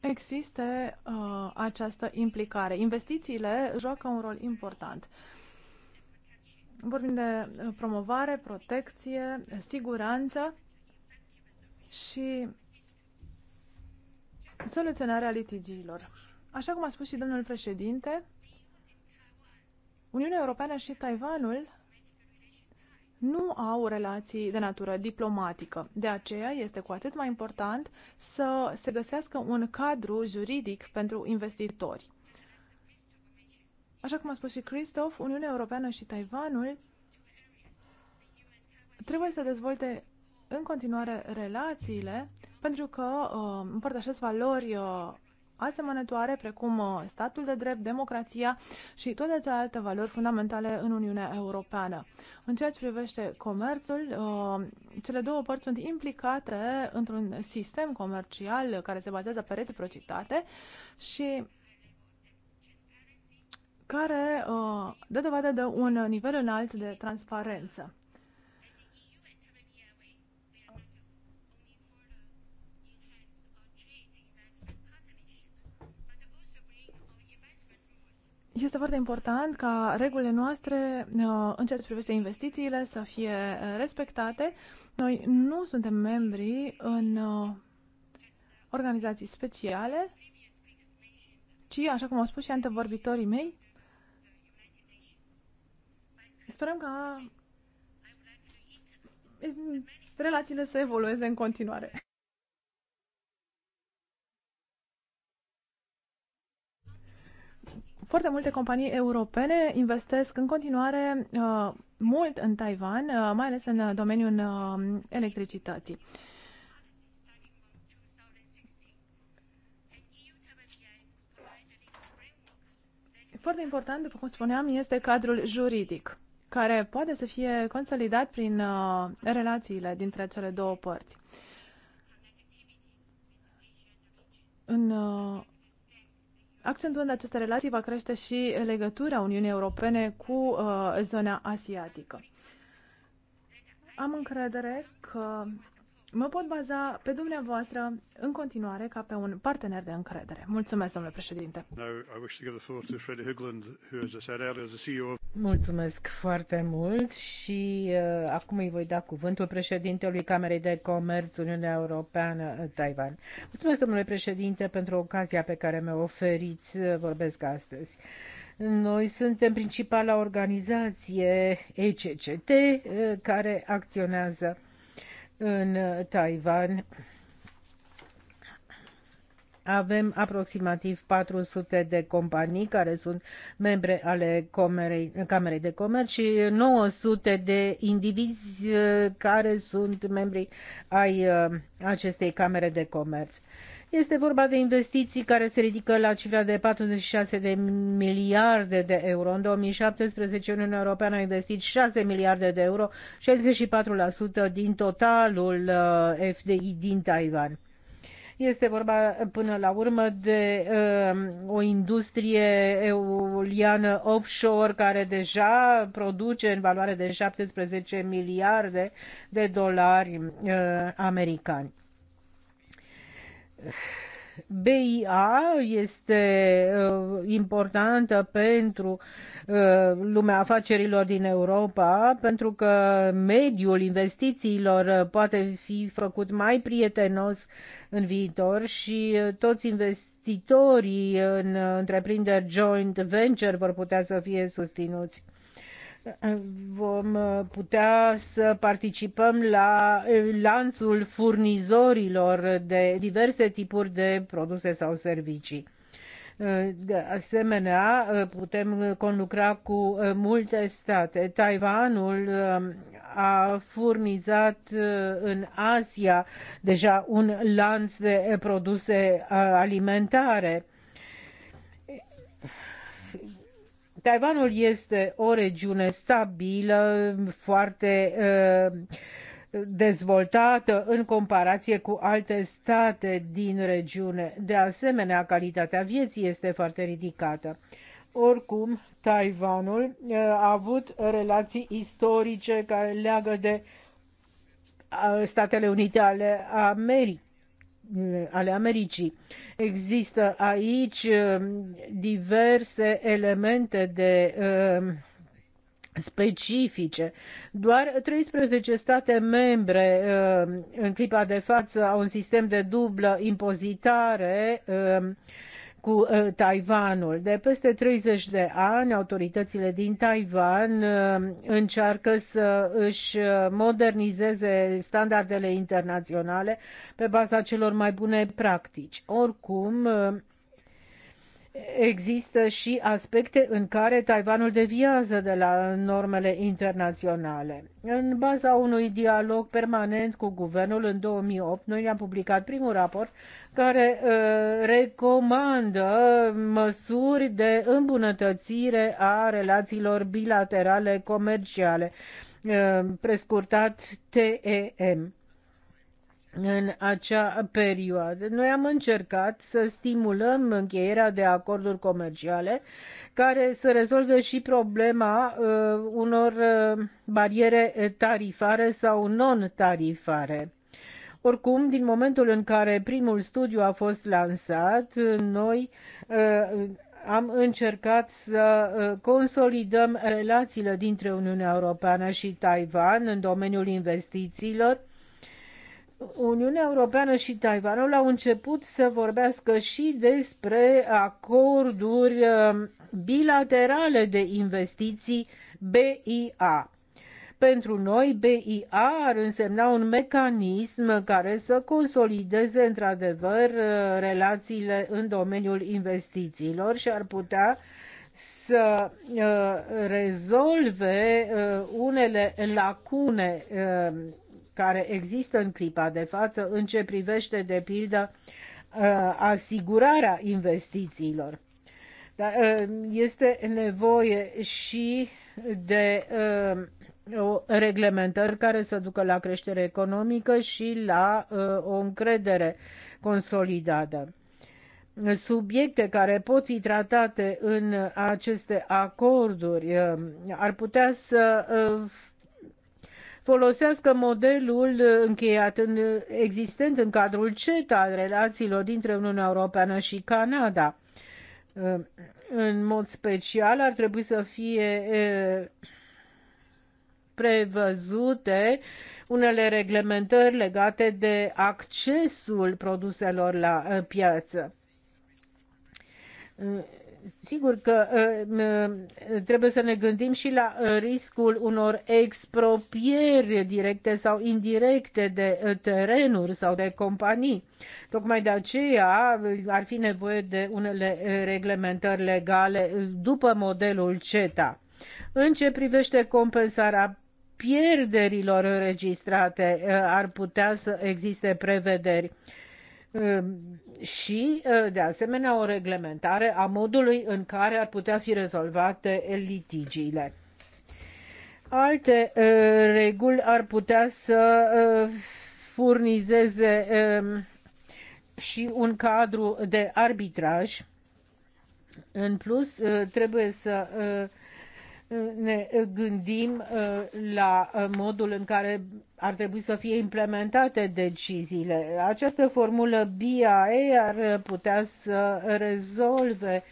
S4: existe uh, această implicare. Investițiile joacă un rol important. Uh, Vorbim de uh, promovare, protecție, siguranță și soluționarea litigiilor. Așa cum a spus și domnul președinte, Uniunea Europeană și Taiwanul nu au relații de natură diplomatică. De aceea este cu atât mai important să se găsească un cadru juridic pentru investitori. Așa cum a spus și Christoph, Uniunea Europeană și Taiwanul trebuie să dezvolte în continuare relațiile, pentru că uh, împărtășesc valori uh, asemănătoare, precum uh, statul de drept, democrația și toate celelalte valori fundamentale în Uniunea Europeană. În ceea ce privește comerțul, uh, cele două părți sunt implicate într-un sistem comercial care se bazează pe reciprocitate și care uh, dă dovadă de un nivel înalt de transparență. Este foarte important ca regulile noastre uh, în ceea ce privește investițiile să fie uh, respectate. Noi nu suntem membri în organizații speciale, ci, așa cum au spus și antevorbitorii mei, Sperăm ca relațiile să evolueze în continuare. Foarte multe companii europene investesc în continuare uh, mult în Taiwan, uh, mai ales în domeniul uh, electricității. Foarte important, după cum spuneam, este cadrul juridic care poate să fie consolidat prin uh, relațiile dintre cele două părți. În uh, accentuând aceste relații, va crește și legătura Uniunii Europene cu uh, zona asiatică. Am încredere că mă pot baza pe dumneavoastră în continuare ca pe un partener
S2: de încredere. Mulțumesc, domnule președinte. Mulțumesc foarte mult și uh, acum îi voi da cuvântul președintelui Camerei de Comerț Uniunea Europeană uh, Taiwan. Mulțumesc, domnule președinte, pentru ocazia pe care mi-o oferiți, uh, vorbesc astăzi. Noi suntem principala organizație ECCT uh, care acționează în Taiwan avem aproximativ 400 de companii care sunt membre ale Comerei, Camerei de Comerț și 900 de indivizi uh, care sunt membri ai uh, acestei Camere de Comerț. Este vorba de investiții care se ridică la cifra de 46 de miliarde de euro. În 2017, Uniunea Europeană a investit 6 miliarde de euro, 64% din totalul uh, FDI din Taiwan. Este vorba uh, până la urmă de uh, o industrie eoliană offshore care deja produce în valoare de 17 miliarde de dolari uh, americani. BIA este uh, importantă pentru uh, lumea afacerilor din Europa, pentru că mediul investițiilor uh, poate fi făcut mai prietenos în viitor și toți investitorii în întreprinderi joint venture vor putea să fie susținuți vom uh, putea să participăm la uh, lanțul furnizorilor de diverse tipuri de produse sau servicii. Uh, de asemenea, putem conlucra cu multe state. Taiwanul um, a furnizat în Asia deja un lanț de produse alimentare Taiwanul este o regiune stabilă, foarte uh, dezvoltată în comparație cu alte state din regiune. De asemenea, calitatea vieții este foarte ridicată. Oricum, Taiwanul uh, a avut relații istorice care leagă de uh, Statele Unite ale Americii ale Americii. Există aici uh, diverse elemente de uh, specifice. Doar 13 state membre uh, în clipa de față au un sistem de dublă impozitare cu ă, Taiwanul. De peste 30 de ani, autoritățile din Taiwan ă, încearcă să își ă, modernizeze standardele internaționale pe baza celor mai bune practici. Oricum, există și aspecte în care Taiwanul deviază de la normele internaționale. În baza unui dialog permanent cu guvernul, în 2008, noi am publicat primul raport care uh, recomandă măsuri de îmbunătățire a relațiilor bilaterale comerciale, uh, prescurtat TEM în acea perioadă. Noi am încercat să stimulăm încheierea de acorduri comerciale care să rezolve și problema uh, unor uh, bariere tarifare sau non-tarifare. Oricum, din momentul în care primul studiu a fost lansat, noi uh, am încercat să uh, consolidăm relațiile dintre Uniunea Europeană și Taiwan în domeniul investițiilor Uniunea Europeană și Taiwanul au început să vorbească și despre acorduri uh, bilaterale de investiții BIA. Pentru noi, BIA ar însemna un mecanism care să consolideze într-adevăr uh, relațiile în domeniul investițiilor și ar putea să uh, rezolve unele lacune care există în clipa de față în ce privește, de pildă, uh, asigurarea investițiilor. Dar uh, este nevoie și de uh, o reglementări care să ducă la creștere economică și la o încredere consolidată subiecte care pot fi tratate în aceste acorduri ar putea să folosească modelul încheiat în, existent în cadrul CETA al relațiilor dintre Uniunea Europeană și Canada. Uh, în mod special ar trebui să fie uh, prevăzute unele reglementări legate de accesul produselor la uh, piață Sigur că ă, ă, trebuie să ne gândim și la ă, riscul unor expropieri directe sau indirecte de terenuri sau de companii. Tocmai de aceea ar fi nevoie de unele reglementări legale după modelul CETA. În ce privește compensarea pierderilor înregistrate, ar putea să existe prevederi Ehm, și, eh, de asemenea, o reglementare a modului în care ar putea fi rezolvate litigiile. Alte eh, reguli ar putea să eh, furnizeze ehm, și un cadru de arbitraj. În plus, trebuie să uh, ne gândim uh, la uh, modul în care ar trebui să fie implementate deciziile. Această formulă BIA ar putea să rezolve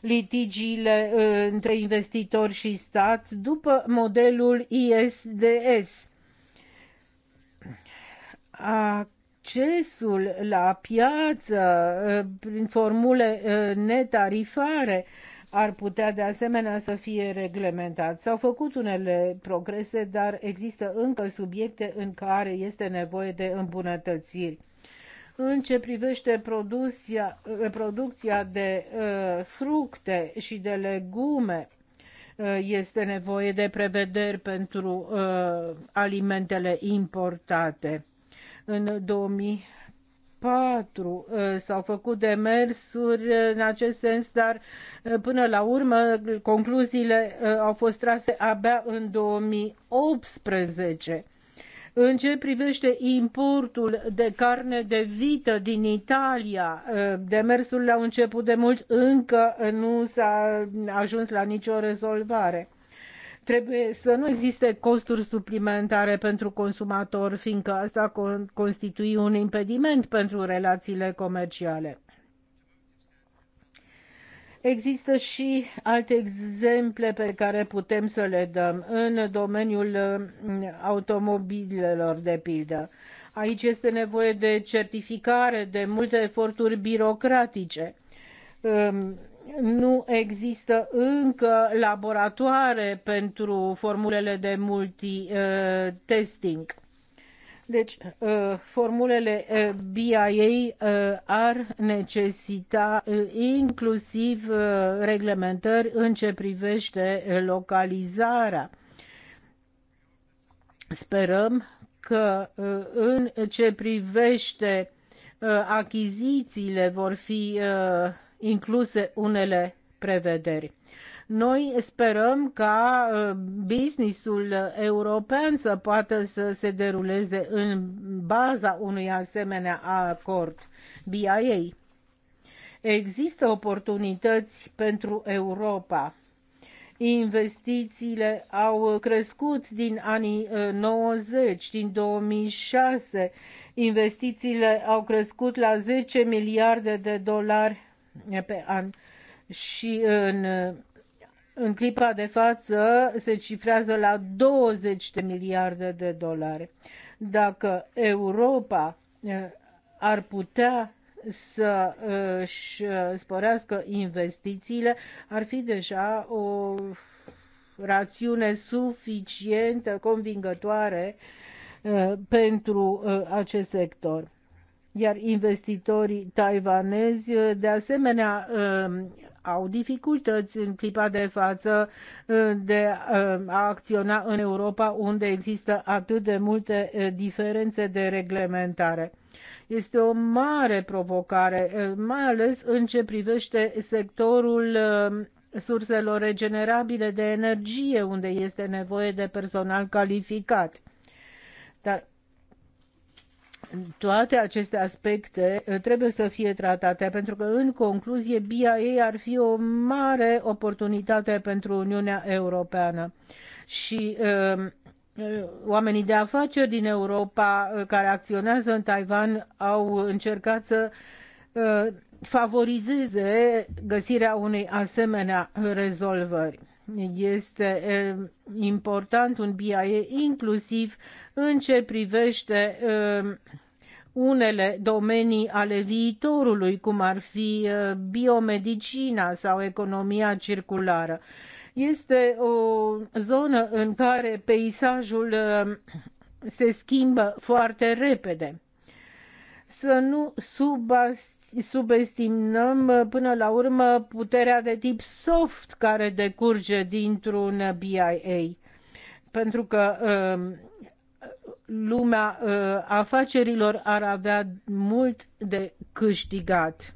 S2: litigiile uh, între investitori și stat după modelul ISDS. Accesul la piață prin formule netarifare ar putea de asemenea să fie reglementat. S-au făcut unele progrese, dar există încă subiecte în care este nevoie de îmbunătățiri. În ce privește producția, producția de uh, fructe și de legume, uh, este nevoie de prevederi pentru uh, alimentele importate. În 2000 Patru, uh, s-au făcut demersuri în acest sens, dar uh, până la urmă concluziile uh, au fost trase abia în 2018. În ce privește importul de carne de vită din Italia, demersurile au început de mult, încă nu s-a ajuns la nicio rezolvare. Trebuie să nu existe costuri suplimentare pentru consumator, fiindcă asta constituie un impediment pentru relațiile comerciale. Există și alte exemple pe care putem să le dăm în domeniul uh, automobilelor, de pildă. Aici este nevoie de certificare, de multe eforturi birocratice. Um, nu există încă laboratoare pentru formulele de multitesting. Deci, uh, formulele uh, BIA uh, ar necesita inclusiv reglementări în ce privește localizarea. Sperăm că în ce privește achizițiile vor fi incluse unele prevederi. Noi sperăm ca uh, businessul european să poată să se deruleze în baza unui asemenea acord BIA. Există oportunități pentru Europa. Investițiile au crescut din anii 90, uh, din 2006. Investițiile au crescut la 10 miliarde de dolari pe an și în, în clipa de față se cifrează la 20 de miliarde de dolari. Dacă Europa ar putea să își sporească investițiile, ar fi deja o rațiune suficientă, convingătoare pentru acest sector iar investitorii taiwanezi eh, de asemenea eh, au dificultăți în clipa de față eh, de a acționa în Europa unde există atât de multe diferențe de reglementare. Este o mare provocare, mai ales în ce privește sectorul surselor regenerabile de energie, unde este nevoie de personal calificat. Dar toate aceste aspecte uh, trebuie să fie tratate, pentru că, în concluzie, BIA ar fi o mare oportunitate pentru Uniunea Europeană. Și uh, uh, oamenii de afaceri din Europa care acționează în Taiwan au încercat să favorizeze găsirea unei asemenea rezolvări este important un BIA inclusiv în ce privește unele domenii ale viitorului, cum ar fi uh, biomedicina sau economia circulară. Este o zonă în care peisajul uh, se schimbă foarte repede. Să nu subestimăm uh, până la urmă puterea de tip soft care decurge dintr-un BIA. Pentru că lumea uh, afacerilor ar avea mult de câștigat.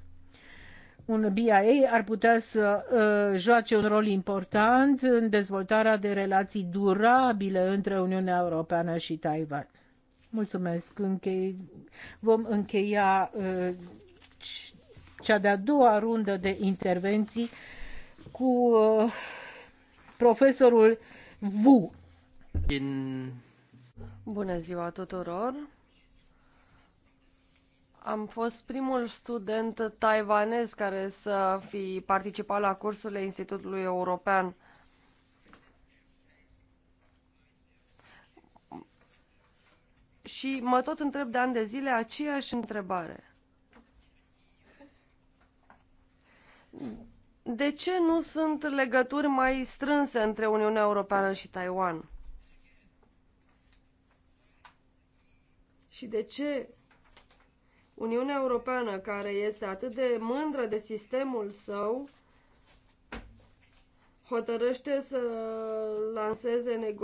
S2: Un BIA ar putea să uh, joace un rol important în dezvoltarea de relații durabile între Uniunea Europeană și Taiwan. Mulțumesc. Închei... Vom încheia uh, cea de-a doua rundă de intervenții cu profesorul
S3: Wu. In Bună ziua tuturor! Am fost primul student taiwanez care să fi participat la cursurile Institutului European. Și mă tot întreb de ani de zile aceeași întrebare. De ce nu sunt legături mai strânse între Uniunea Europeană și Taiwan? Și de ce Uniunea Europeană, care este atât de mândră de sistemul său, hotărăște să lanseze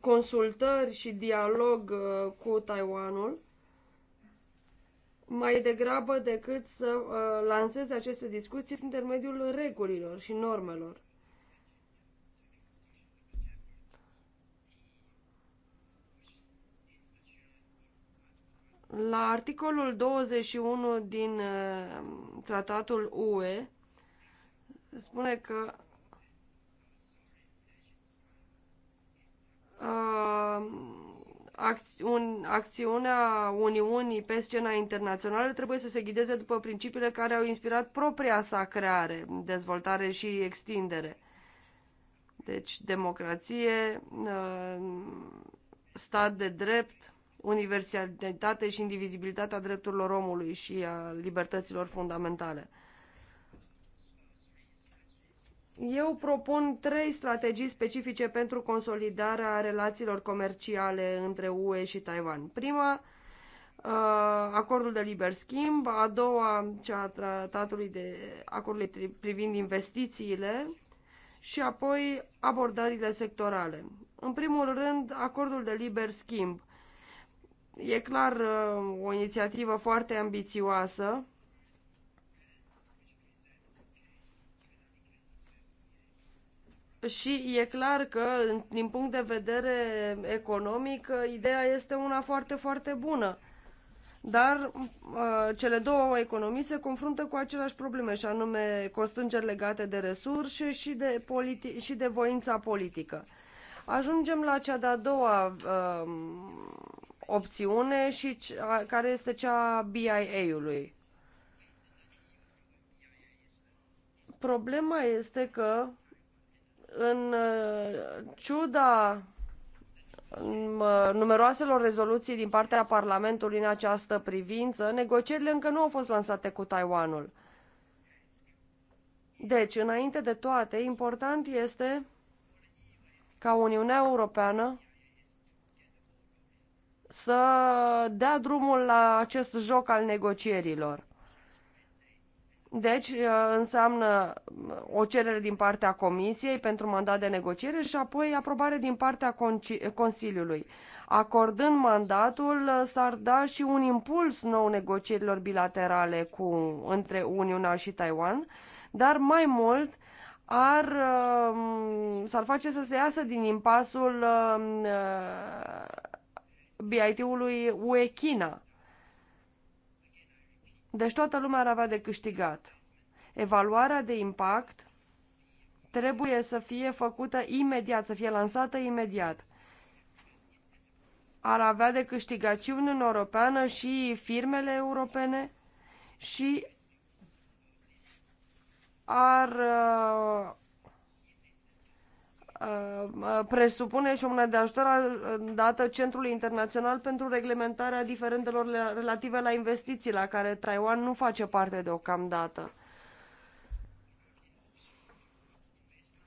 S3: consultări și dialog uh, cu Taiwanul, mai degrabă decât să uh, lanseze aceste discuții prin intermediul regulilor și normelor. La articolul 21 din uh, tratatul UE spune că uh, acțiunea Uniunii pe scena internațională trebuie să se ghideze după principiile care au inspirat propria sa creare, dezvoltare și extindere. Deci, democrație, uh, stat de drept, universalitate și indivizibilitatea drepturilor omului și a libertăților fundamentale. Eu propun trei strategii specifice pentru consolidarea relațiilor comerciale între UE și Taiwan. Prima, uh, acordul de liber schimb, a doua, cea a tratatului de acordului privind investițiile și apoi abordările sectorale. În primul rând, acordul de liber schimb E clar uh, o inițiativă foarte ambițioasă. Și e clar că, din punct de vedere economic, uh, ideea este una foarte, foarte bună. Dar uh, cele două economii se confruntă cu aceleași probleme, și anume constrângeri legate de resurse și de, politi- și de voința politică. Ajungem la cea de-a doua uh, opțiune și care este cea BIA-ului. Problema este că în uh, ciuda uh, numeroaselor rezoluții din partea Parlamentului în această privință, negocierile încă nu au fost lansate cu Taiwanul. Deci, înainte de toate, important este ca Uniunea Europeană să dea drumul la acest joc al negocierilor. Deci uh, înseamnă uh, o cerere din partea Comisiei pentru mandat de negociere și apoi aprobare din partea Consiliului. Acordând mandatul, uh, s-ar da și un impuls nou negocierilor bilaterale cu, între Uniunea și Taiwan, dar mai mult ar, s-ar face să se iasă din impasul um, BIT-ului UE China. Deci toată lumea ar avea de câștigat. Evaluarea de impact trebuie să fie făcută imediat, să fie lansată imediat. Ar avea de câștigat și Uniunea Europeană și firmele europene și ar uh, Uh, uh, presupune și o mână de ajutor dată Centrului Internațional pentru reglementarea diferendelor relative la investiții, la care Taiwan nu face parte deocamdată.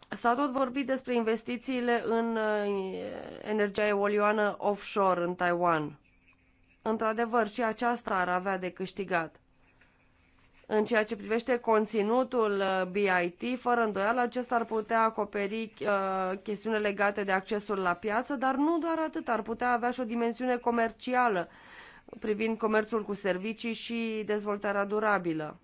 S3: S-a tot vorbit despre investițiile în uh, energia eolioană offshore în Taiwan. Într-adevăr, și aceasta ar avea de câștigat. În ceea ce privește conținutul uh, BIT, fără îndoială, acesta ar putea acoperi uh, chestiuni legate de accesul la piață, dar nu doar atât, ar putea avea și o dimensiune comercială privind comerțul cu servicii și dezvoltarea durabilă.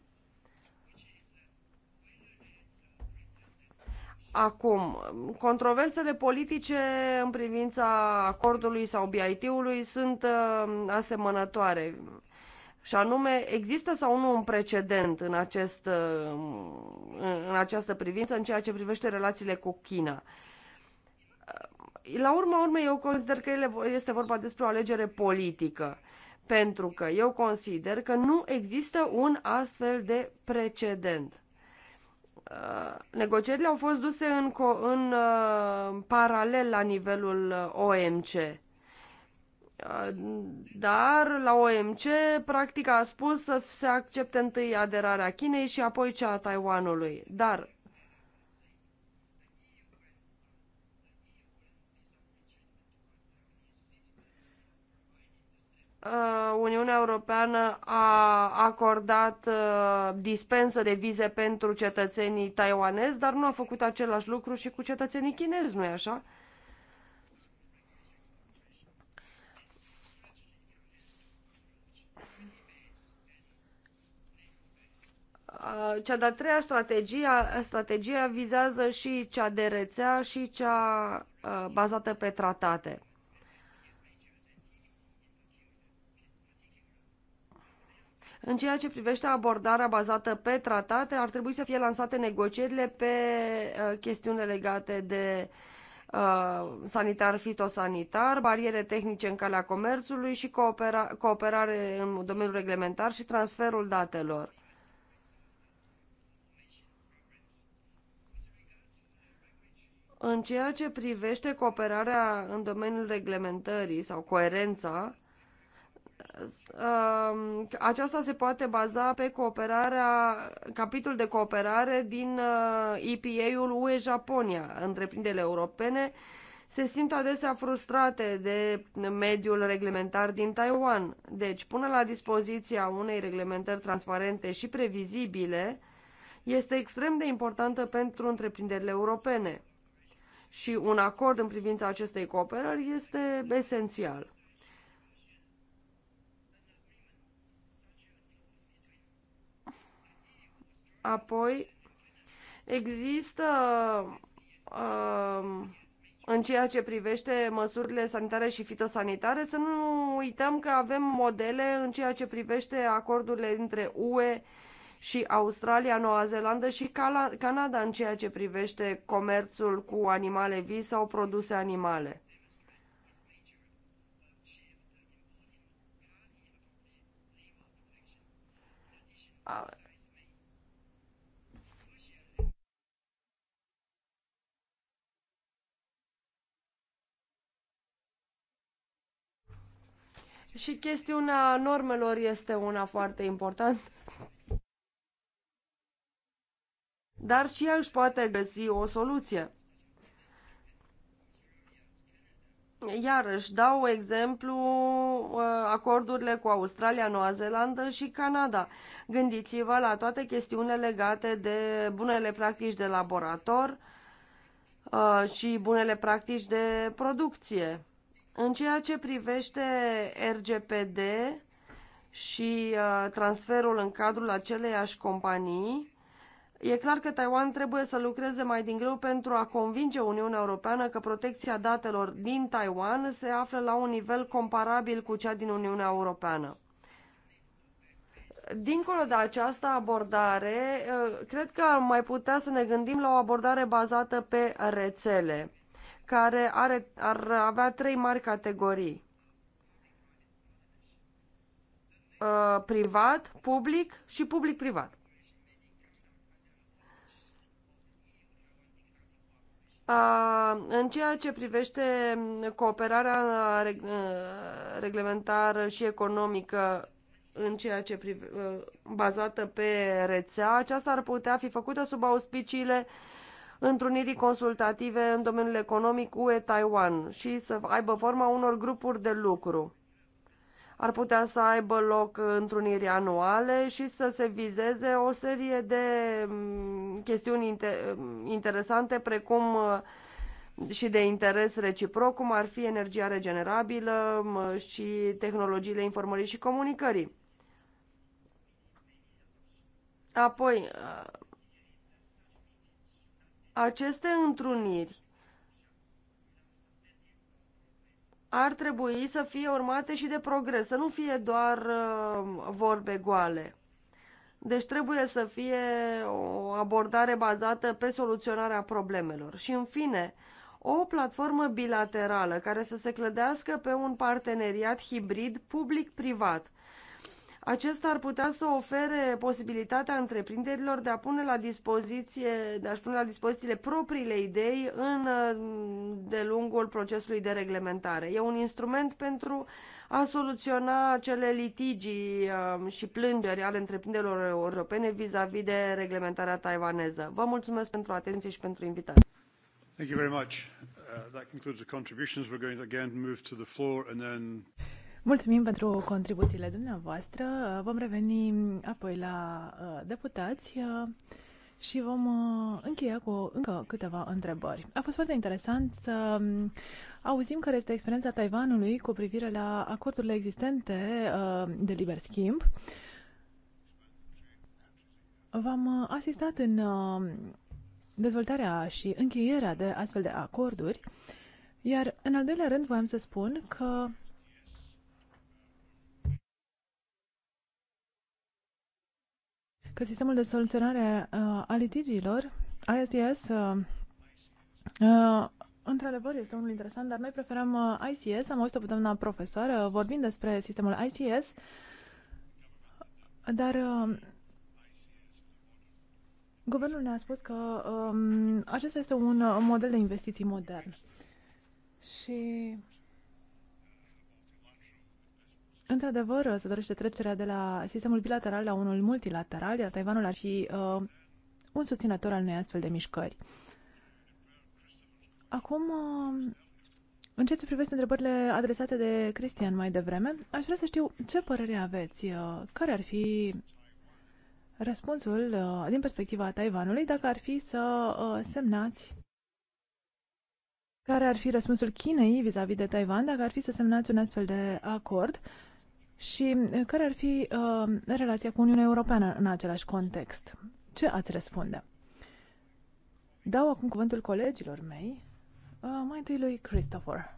S3: Acum, controversele politice în privința acordului sau BIT-ului sunt uh, asemănătoare. Și anume, există sau nu un precedent în, acest, uh, în această privință, în ceea ce privește relațiile cu China? La urma urmei, eu consider că este vorba despre o alegere politică, pentru că eu consider că nu există un astfel de precedent. Uh, negocierile au fost duse în, în uh, paralel la nivelul OMC Uh, dar la OMC, practic, a spus să se accepte întâi aderarea Chinei și apoi cea a Taiwanului. Dar uh, Uniunea Europeană a acordat uh, dispensă de vize pentru cetățenii taiwanezi, dar nu a făcut același lucru și cu cetățenii chinezi, nu-i așa? Uh, cea de-a treia strategie, strategia vizează și cea de rețea și cea uh, bazată pe tratate. În ceea ce privește abordarea bazată pe tratate, ar trebui să fie lansate negocierile pe uh, chestiune legate de uh, sanitar, fitosanitar, bariere tehnice în calea comerțului și coopera cooperare în domeniul reglementar și transferul datelor. În ceea ce privește cooperarea în domeniul reglementării sau coerența, um, aceasta se poate baza pe cooperarea, capitol de cooperare din uh, EPA-ul UE-Japonia. Întreprinderile europene se simt adesea frustrate de mediul reglementar din Taiwan. Deci, până la dispoziția unei reglementări transparente și previzibile, este extrem de importantă pentru întreprinderile europene și un acord în privința acestei cooperări este esențial. Apoi, există um, în ceea ce privește măsurile sanitare și fitosanitare, să nu uităm că avem modele în ceea ce privește acordurile între UE și Australia, Noua Zeelandă și Canada în ceea ce privește comerțul cu animale vii sau produse animale. Și chestiunea normelor este una foarte importantă dar și ea își poate găsi o soluție. Iarăși, dau exemplu uh, acordurile cu Australia, Noua Zeelandă și Canada. Gândiți-vă la toate chestiunile legate de bunele practici de laborator uh, și bunele practici de producție. În ceea ce privește RGPD și uh, transferul în cadrul aceleiași companii, E clar că Taiwan trebuie să lucreze mai din greu pentru a convinge Uniunea Europeană că protecția datelor din Taiwan se află la un nivel comparabil cu cea din Uniunea Europeană. Dincolo de această abordare, ă, cred că am mai putea să ne gândim la o abordare bazată pe rețele, care are, ar avea trei mari categorii. Ă, privat, public și public-privat În ceea ce privește cooperarea reglementară și economică în ceea ce priv- bazată pe rețea, aceasta ar putea fi făcută sub auspiciile întrunirii consultative în domeniul economic UE-Taiwan și să aibă forma unor grupuri de lucru ar putea să aibă loc întruniri anuale și să se vizeze o serie de mm, chestiuni inter mm, interesante precum mm, și de interes reciproc, cum ar fi energia regenerabilă și tehnologiile informării și comunicării. Apoi, aceste întruniri ar trebui să fie urmate și de progres, să nu fie doar uh, vorbe goale. Deci trebuie să fie o abordare bazată pe soluționarea problemelor. Și în fine, o platformă bilaterală care să se clădească pe un parteneriat hibrid public-privat, acesta ar putea să ofere posibilitatea întreprinderilor de a pune la dispoziție, de a pune la dispozițiile propriile idei în de lungul procesului de reglementare. E un instrument pentru a soluționa cele litigii um, și plângeri ale întreprinderilor europene vis-a-vis -vis de reglementarea taiwaneză. Vă mulțumesc pentru atenție și pentru invitație.
S1: Thank you very much. Uh, that concludes the contributions. We're going to again move to the floor and then
S3: Mulțumim pentru
S4: contribuțiile dumneavoastră. Vom reveni apoi la uh, deputați uh, și vom uh, încheia cu încă câteva întrebări. A fost foarte interesant să um, auzim care este experiența Taiwanului cu privire la acordurile existente de liber schimb. V-am asistat în um, dezvoltarea și încheierea de astfel de acorduri, iar în al doilea rând voiam să spun că că sistemul de soluționare a litigiilor, ISDS, Într-adevăr, este unul interesant, dar noi preferăm ICS. Am auzit o doamna profesoară vorbind despre sistemul ICS, dar guvernul ne-a spus că acesta este un model de investiții modern. Și Într-adevăr, se dorește trecerea de la sistemul bilateral la unul multilateral, iar Taiwanul ar fi uh, un susținător al unei astfel de mișcări. Acum, uh, în ceea ce privește întrebările adresate de Cristian mai devreme, aș vrea să știu ce părere aveți, uh, care ar fi răspunsul uh, din perspectiva Taiwanului dacă ar fi să uh, semnați care ar fi răspunsul Chinei vis-a-vis -vis de Taiwan dacă ar fi să semnați un astfel de acord și eh, care ar fi uh, relația cu Uniunea Europeană în același context. Ce ați răspunde? Dau acum cuvântul colegilor mei, uh, mai întâi lui Christopher.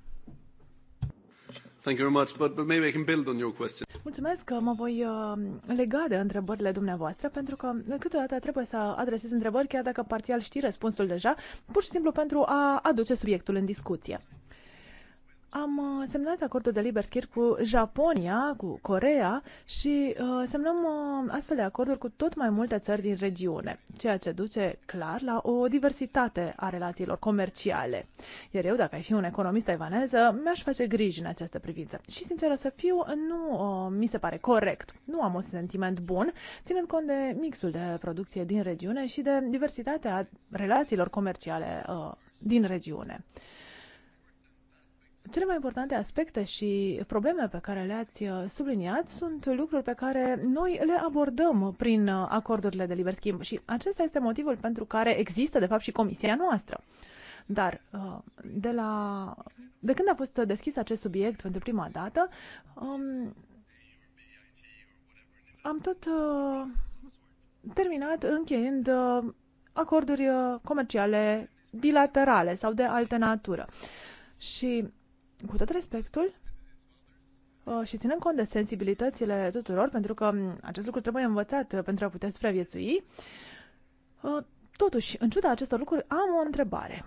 S1: Thank you very much, but, but maybe I can build on your question.
S4: Mulțumesc că mă voi uh, lega de întrebările dumneavoastră, pentru că câteodată trebuie să adresez întrebări, chiar dacă parțial știi răspunsul deja, pur și simplu pentru a aduce subiectul în discuție. Am uh, semnat acordul de liber schimb cu Japonia, cu Corea și uh, semnăm uh, astfel de acorduri cu tot mai multe țări din regiune, ceea ce duce clar la o diversitate a relațiilor comerciale. Iar eu, dacă ai fi un economist taiwaneză, mi-aș face griji în această privință. Și, sinceră să fiu, nu mi se pare corect. Nu am un sentiment bun, ținând cont de mixul de producție din regiune și de diversitatea relațiilor comerciale din regiune cele mai importante aspecte și probleme pe care le-ați uh, subliniat sunt lucruri pe care noi le abordăm prin uh, acordurile de liber schimb și acesta este motivul pentru care există, de fapt, și comisia noastră. Dar uh, de, la, de când a fost deschis acest subiect pentru prima dată, um, am tot terminat încheiind acorduri comerciale bilaterale sau de altă natură. Și cu tot respectul uh, și ținând cont de sensibilitățile tuturor, pentru că mm, acest lucru trebuie învățat uh, pentru a putea supraviețui, uh, totuși, în ciuda acestor lucruri, am o întrebare.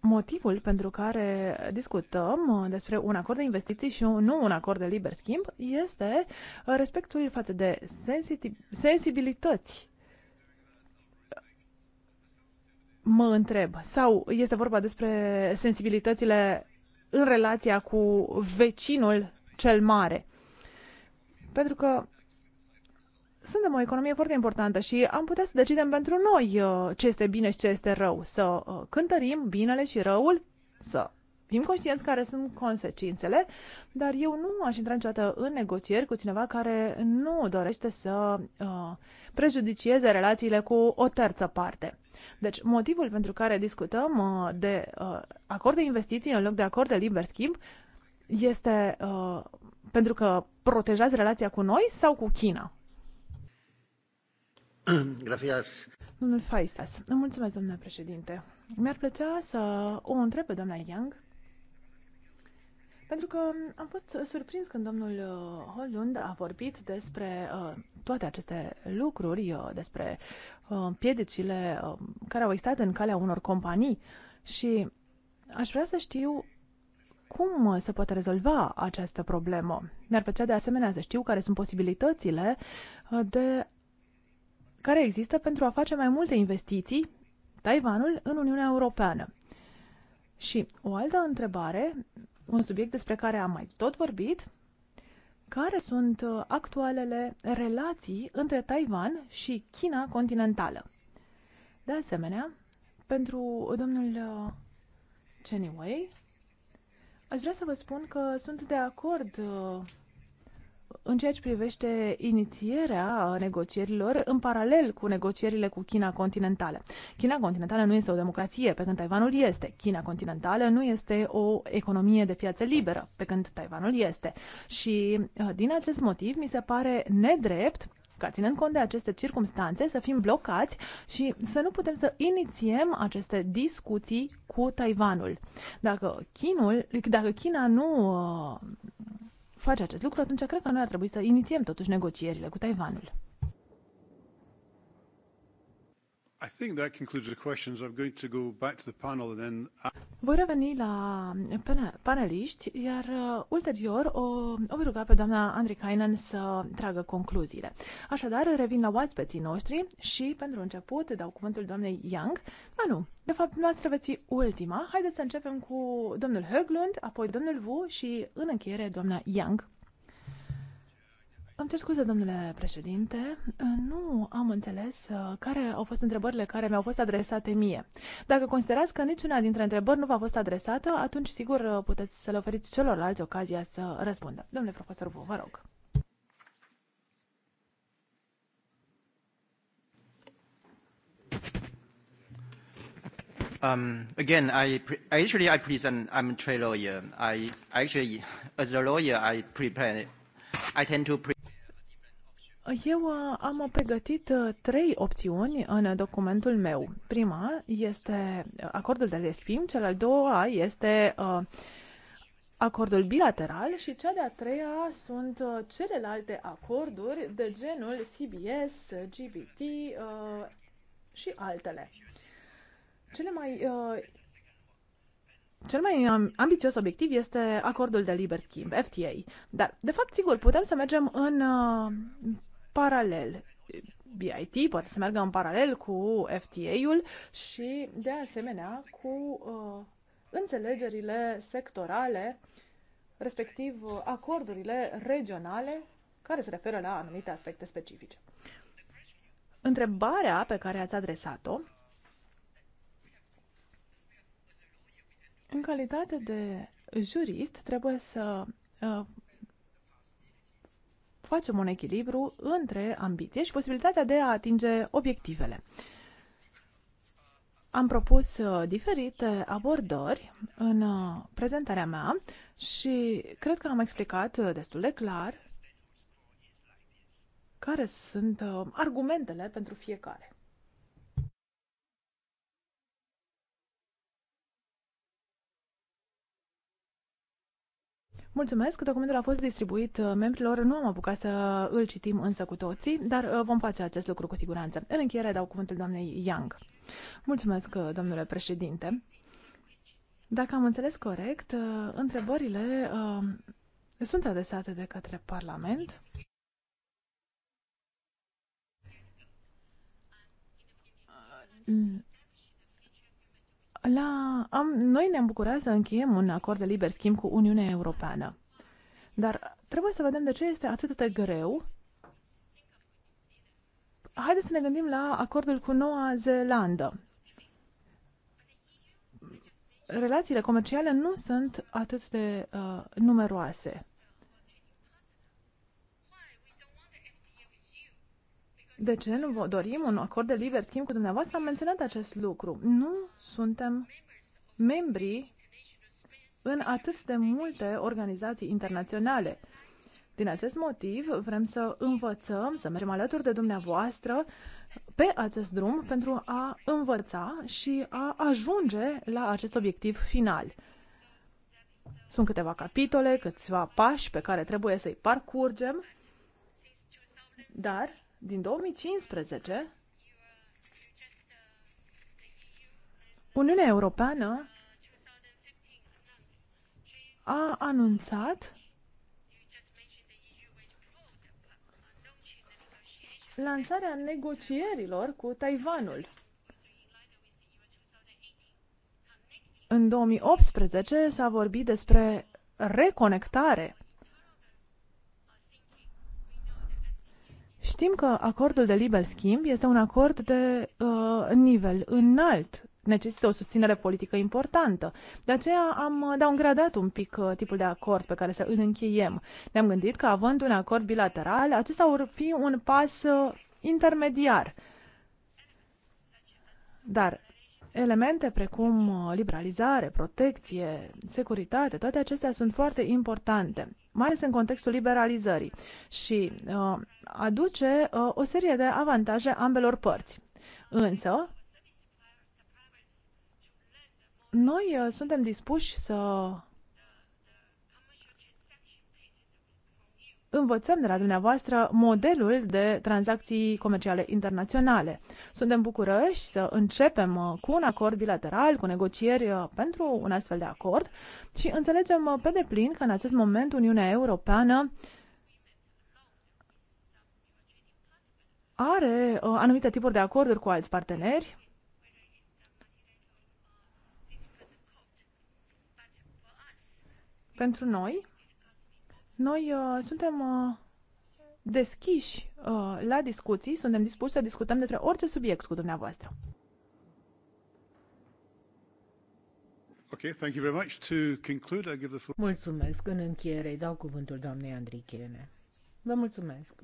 S4: Motivul pentru care discutăm despre un acord de investiții și nu un acord de liber schimb este respectul față de sensibilități mă întreb, sau este vorba despre sensibilitățile în relația cu vecinul cel mare? Pentru că suntem o economie foarte importantă și am putea să decidem pentru noi uh, ce este bine și ce este rău. Să uh, cântărim binele și răul, să fim conștienți care sunt consecințele, dar eu nu aș intra niciodată în negocieri cu cineva care nu dorește să uh, prejudicieze relațiile cu o terță parte. Deci, motivul pentru care discutăm uh, de uh, acord de investiții în loc de acord de liber schimb este uh, pentru că protejați relația cu noi sau cu China?
S3: Gracias.
S4: Domnul Faisas, mulțumesc, domnule președinte. Mi-ar plăcea să o întreb pe doamna Yang pentru că am fost surprins când domnul uh, Holund a vorbit despre uh, toate aceste lucruri, uh, despre piedicile care au existat în calea unor companii și aș vrea să știu cum se poate rezolva această problemă. Mi-ar plăcea de asemenea să știu care sunt posibilitățile de care există pentru a face mai multe investiții Taiwanul în Uniunea Europeană. Și o altă întrebare un subiect despre care am mai tot vorbit, care sunt uh, actualele relații între Taiwan și China continentală. De asemenea, pentru domnul uh, Chen Wei, aș vrea să vă spun că sunt de acord uh, în ceea ce privește inițierea negocierilor, în paralel cu negocierile cu China continentală. China continentală nu este o democrație, pe când Taiwanul este. China continentală nu este o economie de piață liberă, pe când Taiwanul este. Și uh, din acest motiv mi se pare nedrept ca ținând cont de aceste circumstanțe să fim blocați și să nu putem să inițiem aceste discuții cu Taiwanul. Dacă, Chinul, dacă China nu uh, face acest lucru, atunci cred că noi ar trebui să inițiem totuși negocierile cu Taiwanul. Voi reveni la paneliști, iar uh, ulterior o, o voi ruga pe doamna Andrei Kainan să tragă concluziile. Așadar, revin la oaspeții noștri și, pentru început, dau cuvântul doamnei Young. Ba nu, de fapt, noastră veți fi ultima. Haideți să începem cu domnul Höglund, apoi domnul Wu și, în încheiere, doamna Young. Îmi cer scuze, domnule președinte, nu am înțeles uh, care au fost întrebările care mi-au fost adresate mie. Dacă considerați că niciuna dintre întrebări nu v-a fost adresată, atunci sigur uh, puteți să le oferiți celorlalți ocazia să răspundă. Domnule profesor, vă, vă rog.
S2: Um, again, I pre actually I present. I'm a trade lawyer. I actually, as a lawyer, I prepare. I tend to. Pre
S4: eu uh, am pregătit uh, trei opțiuni în documentul meu. Prima este uh, acordul de schimb, cel al doua este acordul bilateral și cea de-a treia sunt celelalte acorduri de genul CBS, GBT și altele. Cele mai cel mai ambițios obiectiv este acordul de liber schimb, FTA. Dar, de fapt, sigur, putem să mergem în paralel. BIT poate să meargă în paralel cu FTA-ul și, de asemenea, cu uh, înțelegerile sectorale, respectiv uh, acordurile regionale care se referă la anumite aspecte specifice. Întrebarea pe care ați adresat-o, în calitate de jurist, trebuie să uh, facem un echilibru între ambiție și posibilitatea de a atinge obiectivele. Am propus uh, diferite abordări în uh, prezentarea mea și cred că am explicat uh, destul de clar care sunt argumentele pentru fiecare. Mulțumesc, documentul a fost distribuit uh, membrilor, nu am apucat să îl citim însă cu toții, dar uh, vom face acest lucru cu siguranță. În încheiere dau cuvântul doamnei Young. Mulțumesc, uh, domnule președinte. Dacă am înțeles corect, întrebările sunt adresate de către Parlament la, am, noi ne-am bucurat să încheiem un acord de liber schimb cu Uniunea Europeană. Dar trebuie să vedem de ce este atât de greu. Haideți să ne gândim la acordul cu Noua Zeelandă. Relațiile comerciale nu sunt atât de uh, numeroase. de ce nu dorim un acord de liber schimb cu dumneavoastră? Am menționat acest lucru. Nu suntem membri în atât de multe organizații internaționale. Din acest motiv, vrem să învățăm, să mergem alături de dumneavoastră pe acest drum pentru a învăța și a ajunge la acest obiectiv final. Sunt câteva capitole, câțiva pași pe care trebuie să-i parcurgem, dar din 2015, Uniunea Europeană a anunțat lansarea negocierilor cu Taiwanul. În 2018 s-a vorbit despre reconectare Știm că acordul de liber schimb este un acord de uh, nivel înalt, necesită o susținere politică importantă. De aceea am da un pic uh, tipul de acord pe care să îl încheiem. Ne-am gândit că având un acord bilateral, acesta ar fi un pas uh, intermediar. Dar Elemente precum uh, liberalizare, protecție, securitate, toate acestea sunt foarte importante, mai ales în contextul liberalizării și uh, aduce uh, o serie de avantaje ambelor părți. Însă, noi uh, suntem dispuși să învățăm de la dumneavoastră modelul de tranzacții comerciale internaționale. Suntem bucuroși să începem uh, cu un acord bilateral, cu negocieri uh, pentru un astfel de acord și înțelegem uh, pe deplin că în acest moment Uniunea Europeană are anumite tipuri de acorduri cu alți parteneri, pentru noi noi uh, suntem uh, deschiși uh, la discuții, suntem dispuși să discutăm
S2: despre orice subiect cu dumneavoastră.
S1: Okay, thank you very much. To conclude, I give the floor...
S2: Mulțumesc. În încheiere îi dau cuvântul doamnei Andrichene. Vă mulțumesc.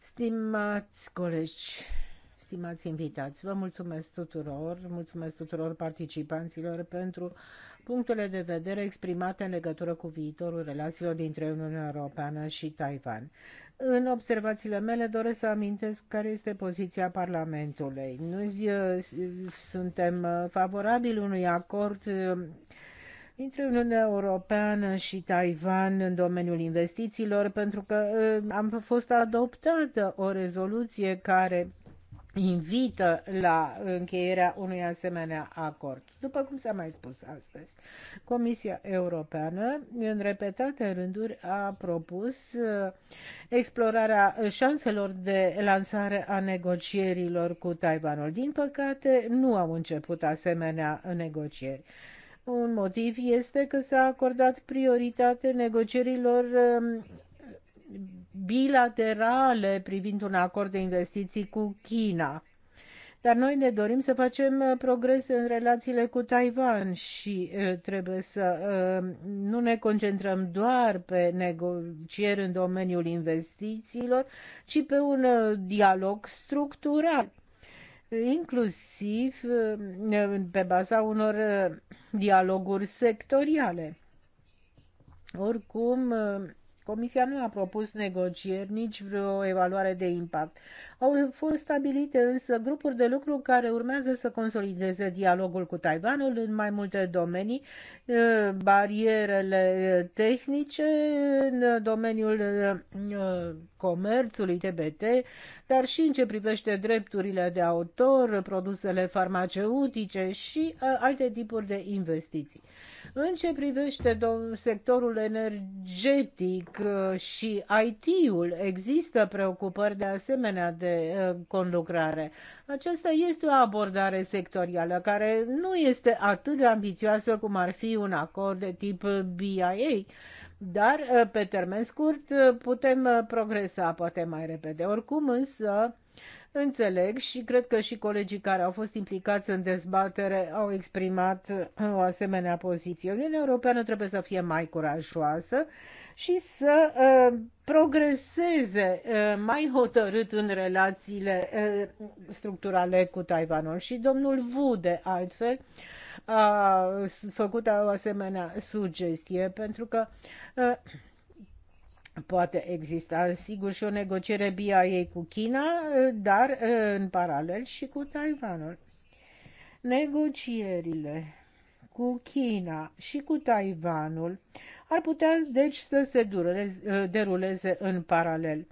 S2: Stimați colegi, stimați invitați. Vă mulțumesc tuturor, mulțumesc tuturor participanților pentru punctele de vedere exprimate în legătură cu viitorul relațiilor dintre Uniunea Europeană și Taiwan. În observațiile mele doresc să amintesc care este poziția Parlamentului. Noi uh, suntem uh, favorabili unui acord între uh, Uniunea Europeană și Taiwan în domeniul investițiilor, pentru că am fost adoptată o rezoluție care invită la încheierea unui asemenea acord. După cum s-a mai spus astăzi, Comisia Europeană, în repetate rânduri, a propus uh, explorarea șanselor de lansare a negocierilor cu Taiwanul. Din păcate, nu au început asemenea negocieri. Un motiv este că s-a acordat prioritate negocierilor um, bilaterale privind un acord de investiții cu China. Dar noi ne dorim să facem uh, progrese în relațiile cu Taiwan și uh, trebuie să uh, nu ne concentrăm doar pe negocieri în domeniul investițiilor, ci pe un dialog structural inclusiv pe baza unor dialoguri sectoriale. Oricum, Comisia nu a propus negocieri, nici vreo evaluare de impact. Au fost stabilite însă grupuri de lucru care urmează să consolideze dialogul cu Taiwanul în mai multe domenii, eh, barierele tehnice în domeniul eh, comerțului TBT, dar și în ce privește drepturile de autor, produsele farmaceutice și eh, alte tipuri de investiții. În ce privește sectorul energetic uh, și IT-ul, există preocupări de asemenea de uh, conlucrare. Aceasta este o abordare sectorială care nu este atât de ambițioasă cum ar fi un acord de tip BIA, dar uh, pe termen scurt putem progresa poate mai repede. Oricum însă Înțeleg și cred că și colegii care au fost implicați în dezbatere au exprimat uh, o asemenea poziție. Uniunea Europeană trebuie să fie mai curajoasă și să uh, progreseze uh, mai hotărât în relațiile uh, structurale cu Taiwanul. Și domnul Wu, de altfel, a făcut o asemenea sugestie, pentru că uh, poate exista, sigur, și o negociere BIA ei cu China, dar uh, în paralel și cu Taiwanul. Negocierile cu China și cu Taiwanul ar putea, deci, să se dureze, uh, deruleze în paralel.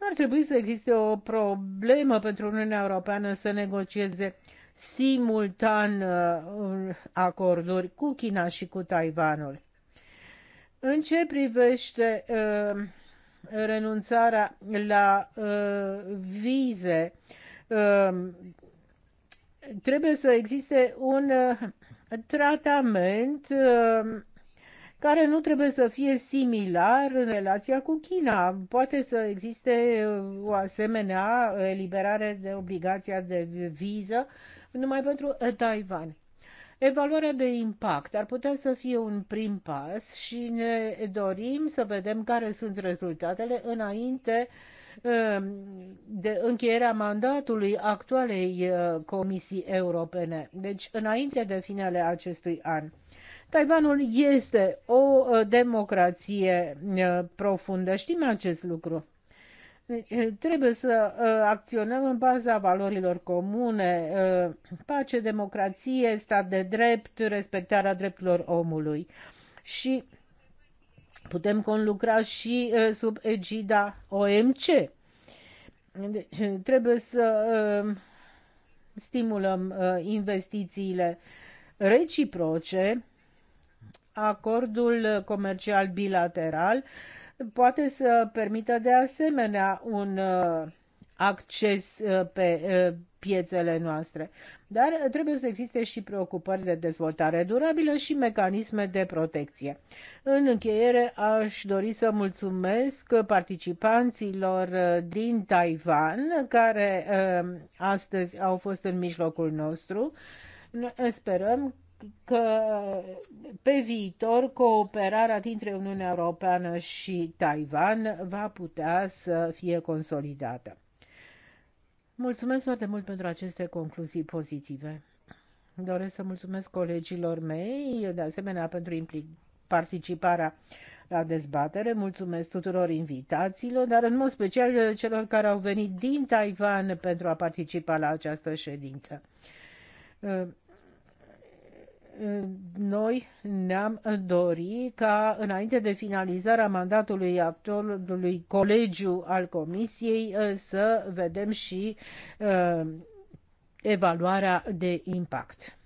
S2: Nu ar trebui să existe o problemă pentru Uniunea Europeană să negocieze simultan uh, acorduri cu China și cu Taiwanul. În ce privește uh, renunțarea la uh, vize, uh, trebuie să existe un uh, tratament uh, care nu trebuie să fie similar în relația cu China. Poate să existe uh, o asemenea eliberare de obligația de viză numai pentru Taiwan. Evaluarea de impact ar putea să fie un prim pas și ne dorim să vedem care sunt rezultatele înainte um, de încheierea mandatului actualei uh, Comisii Europene, deci înainte de finele acestui an. Taiwanul este o uh, democrație uh, profundă, știm acest lucru. Deci, eh, trebuie să eh, acționăm în baza valorilor comune, eh, pace, democrație, stat de drept, respectarea drepturilor omului. Și putem conlucra și sub egida OMC. Deci, trebuie să stimulăm investițiile reciproce, acordul comercial bilateral poate să permită de asemenea un uh, acces uh, pe uh, piețele noastre. Dar trebuie să existe și preocupări de dezvoltare durabilă și mecanisme de protecție. În încheiere, aș dori să mulțumesc participanților din Taiwan, care astăzi au fost în mijlocul nostru. sperăm că pe viitor cooperarea dintre Uniunea Europeană și Taiwan va putea să fie consolidată. Mulțumesc foarte mult pentru aceste concluzii pozitive. Doresc să mulțumesc colegilor mei, de asemenea pentru participarea la dezbatere. Mulțumesc tuturor invitațiilor, dar în mod special celor care au venit din Taiwan pentru a participa la această ședință noi ne-am dori ca înainte de finalizarea mandatului actualului colegiu al Comisiei uh, să vedem și uh, evaluarea de impact.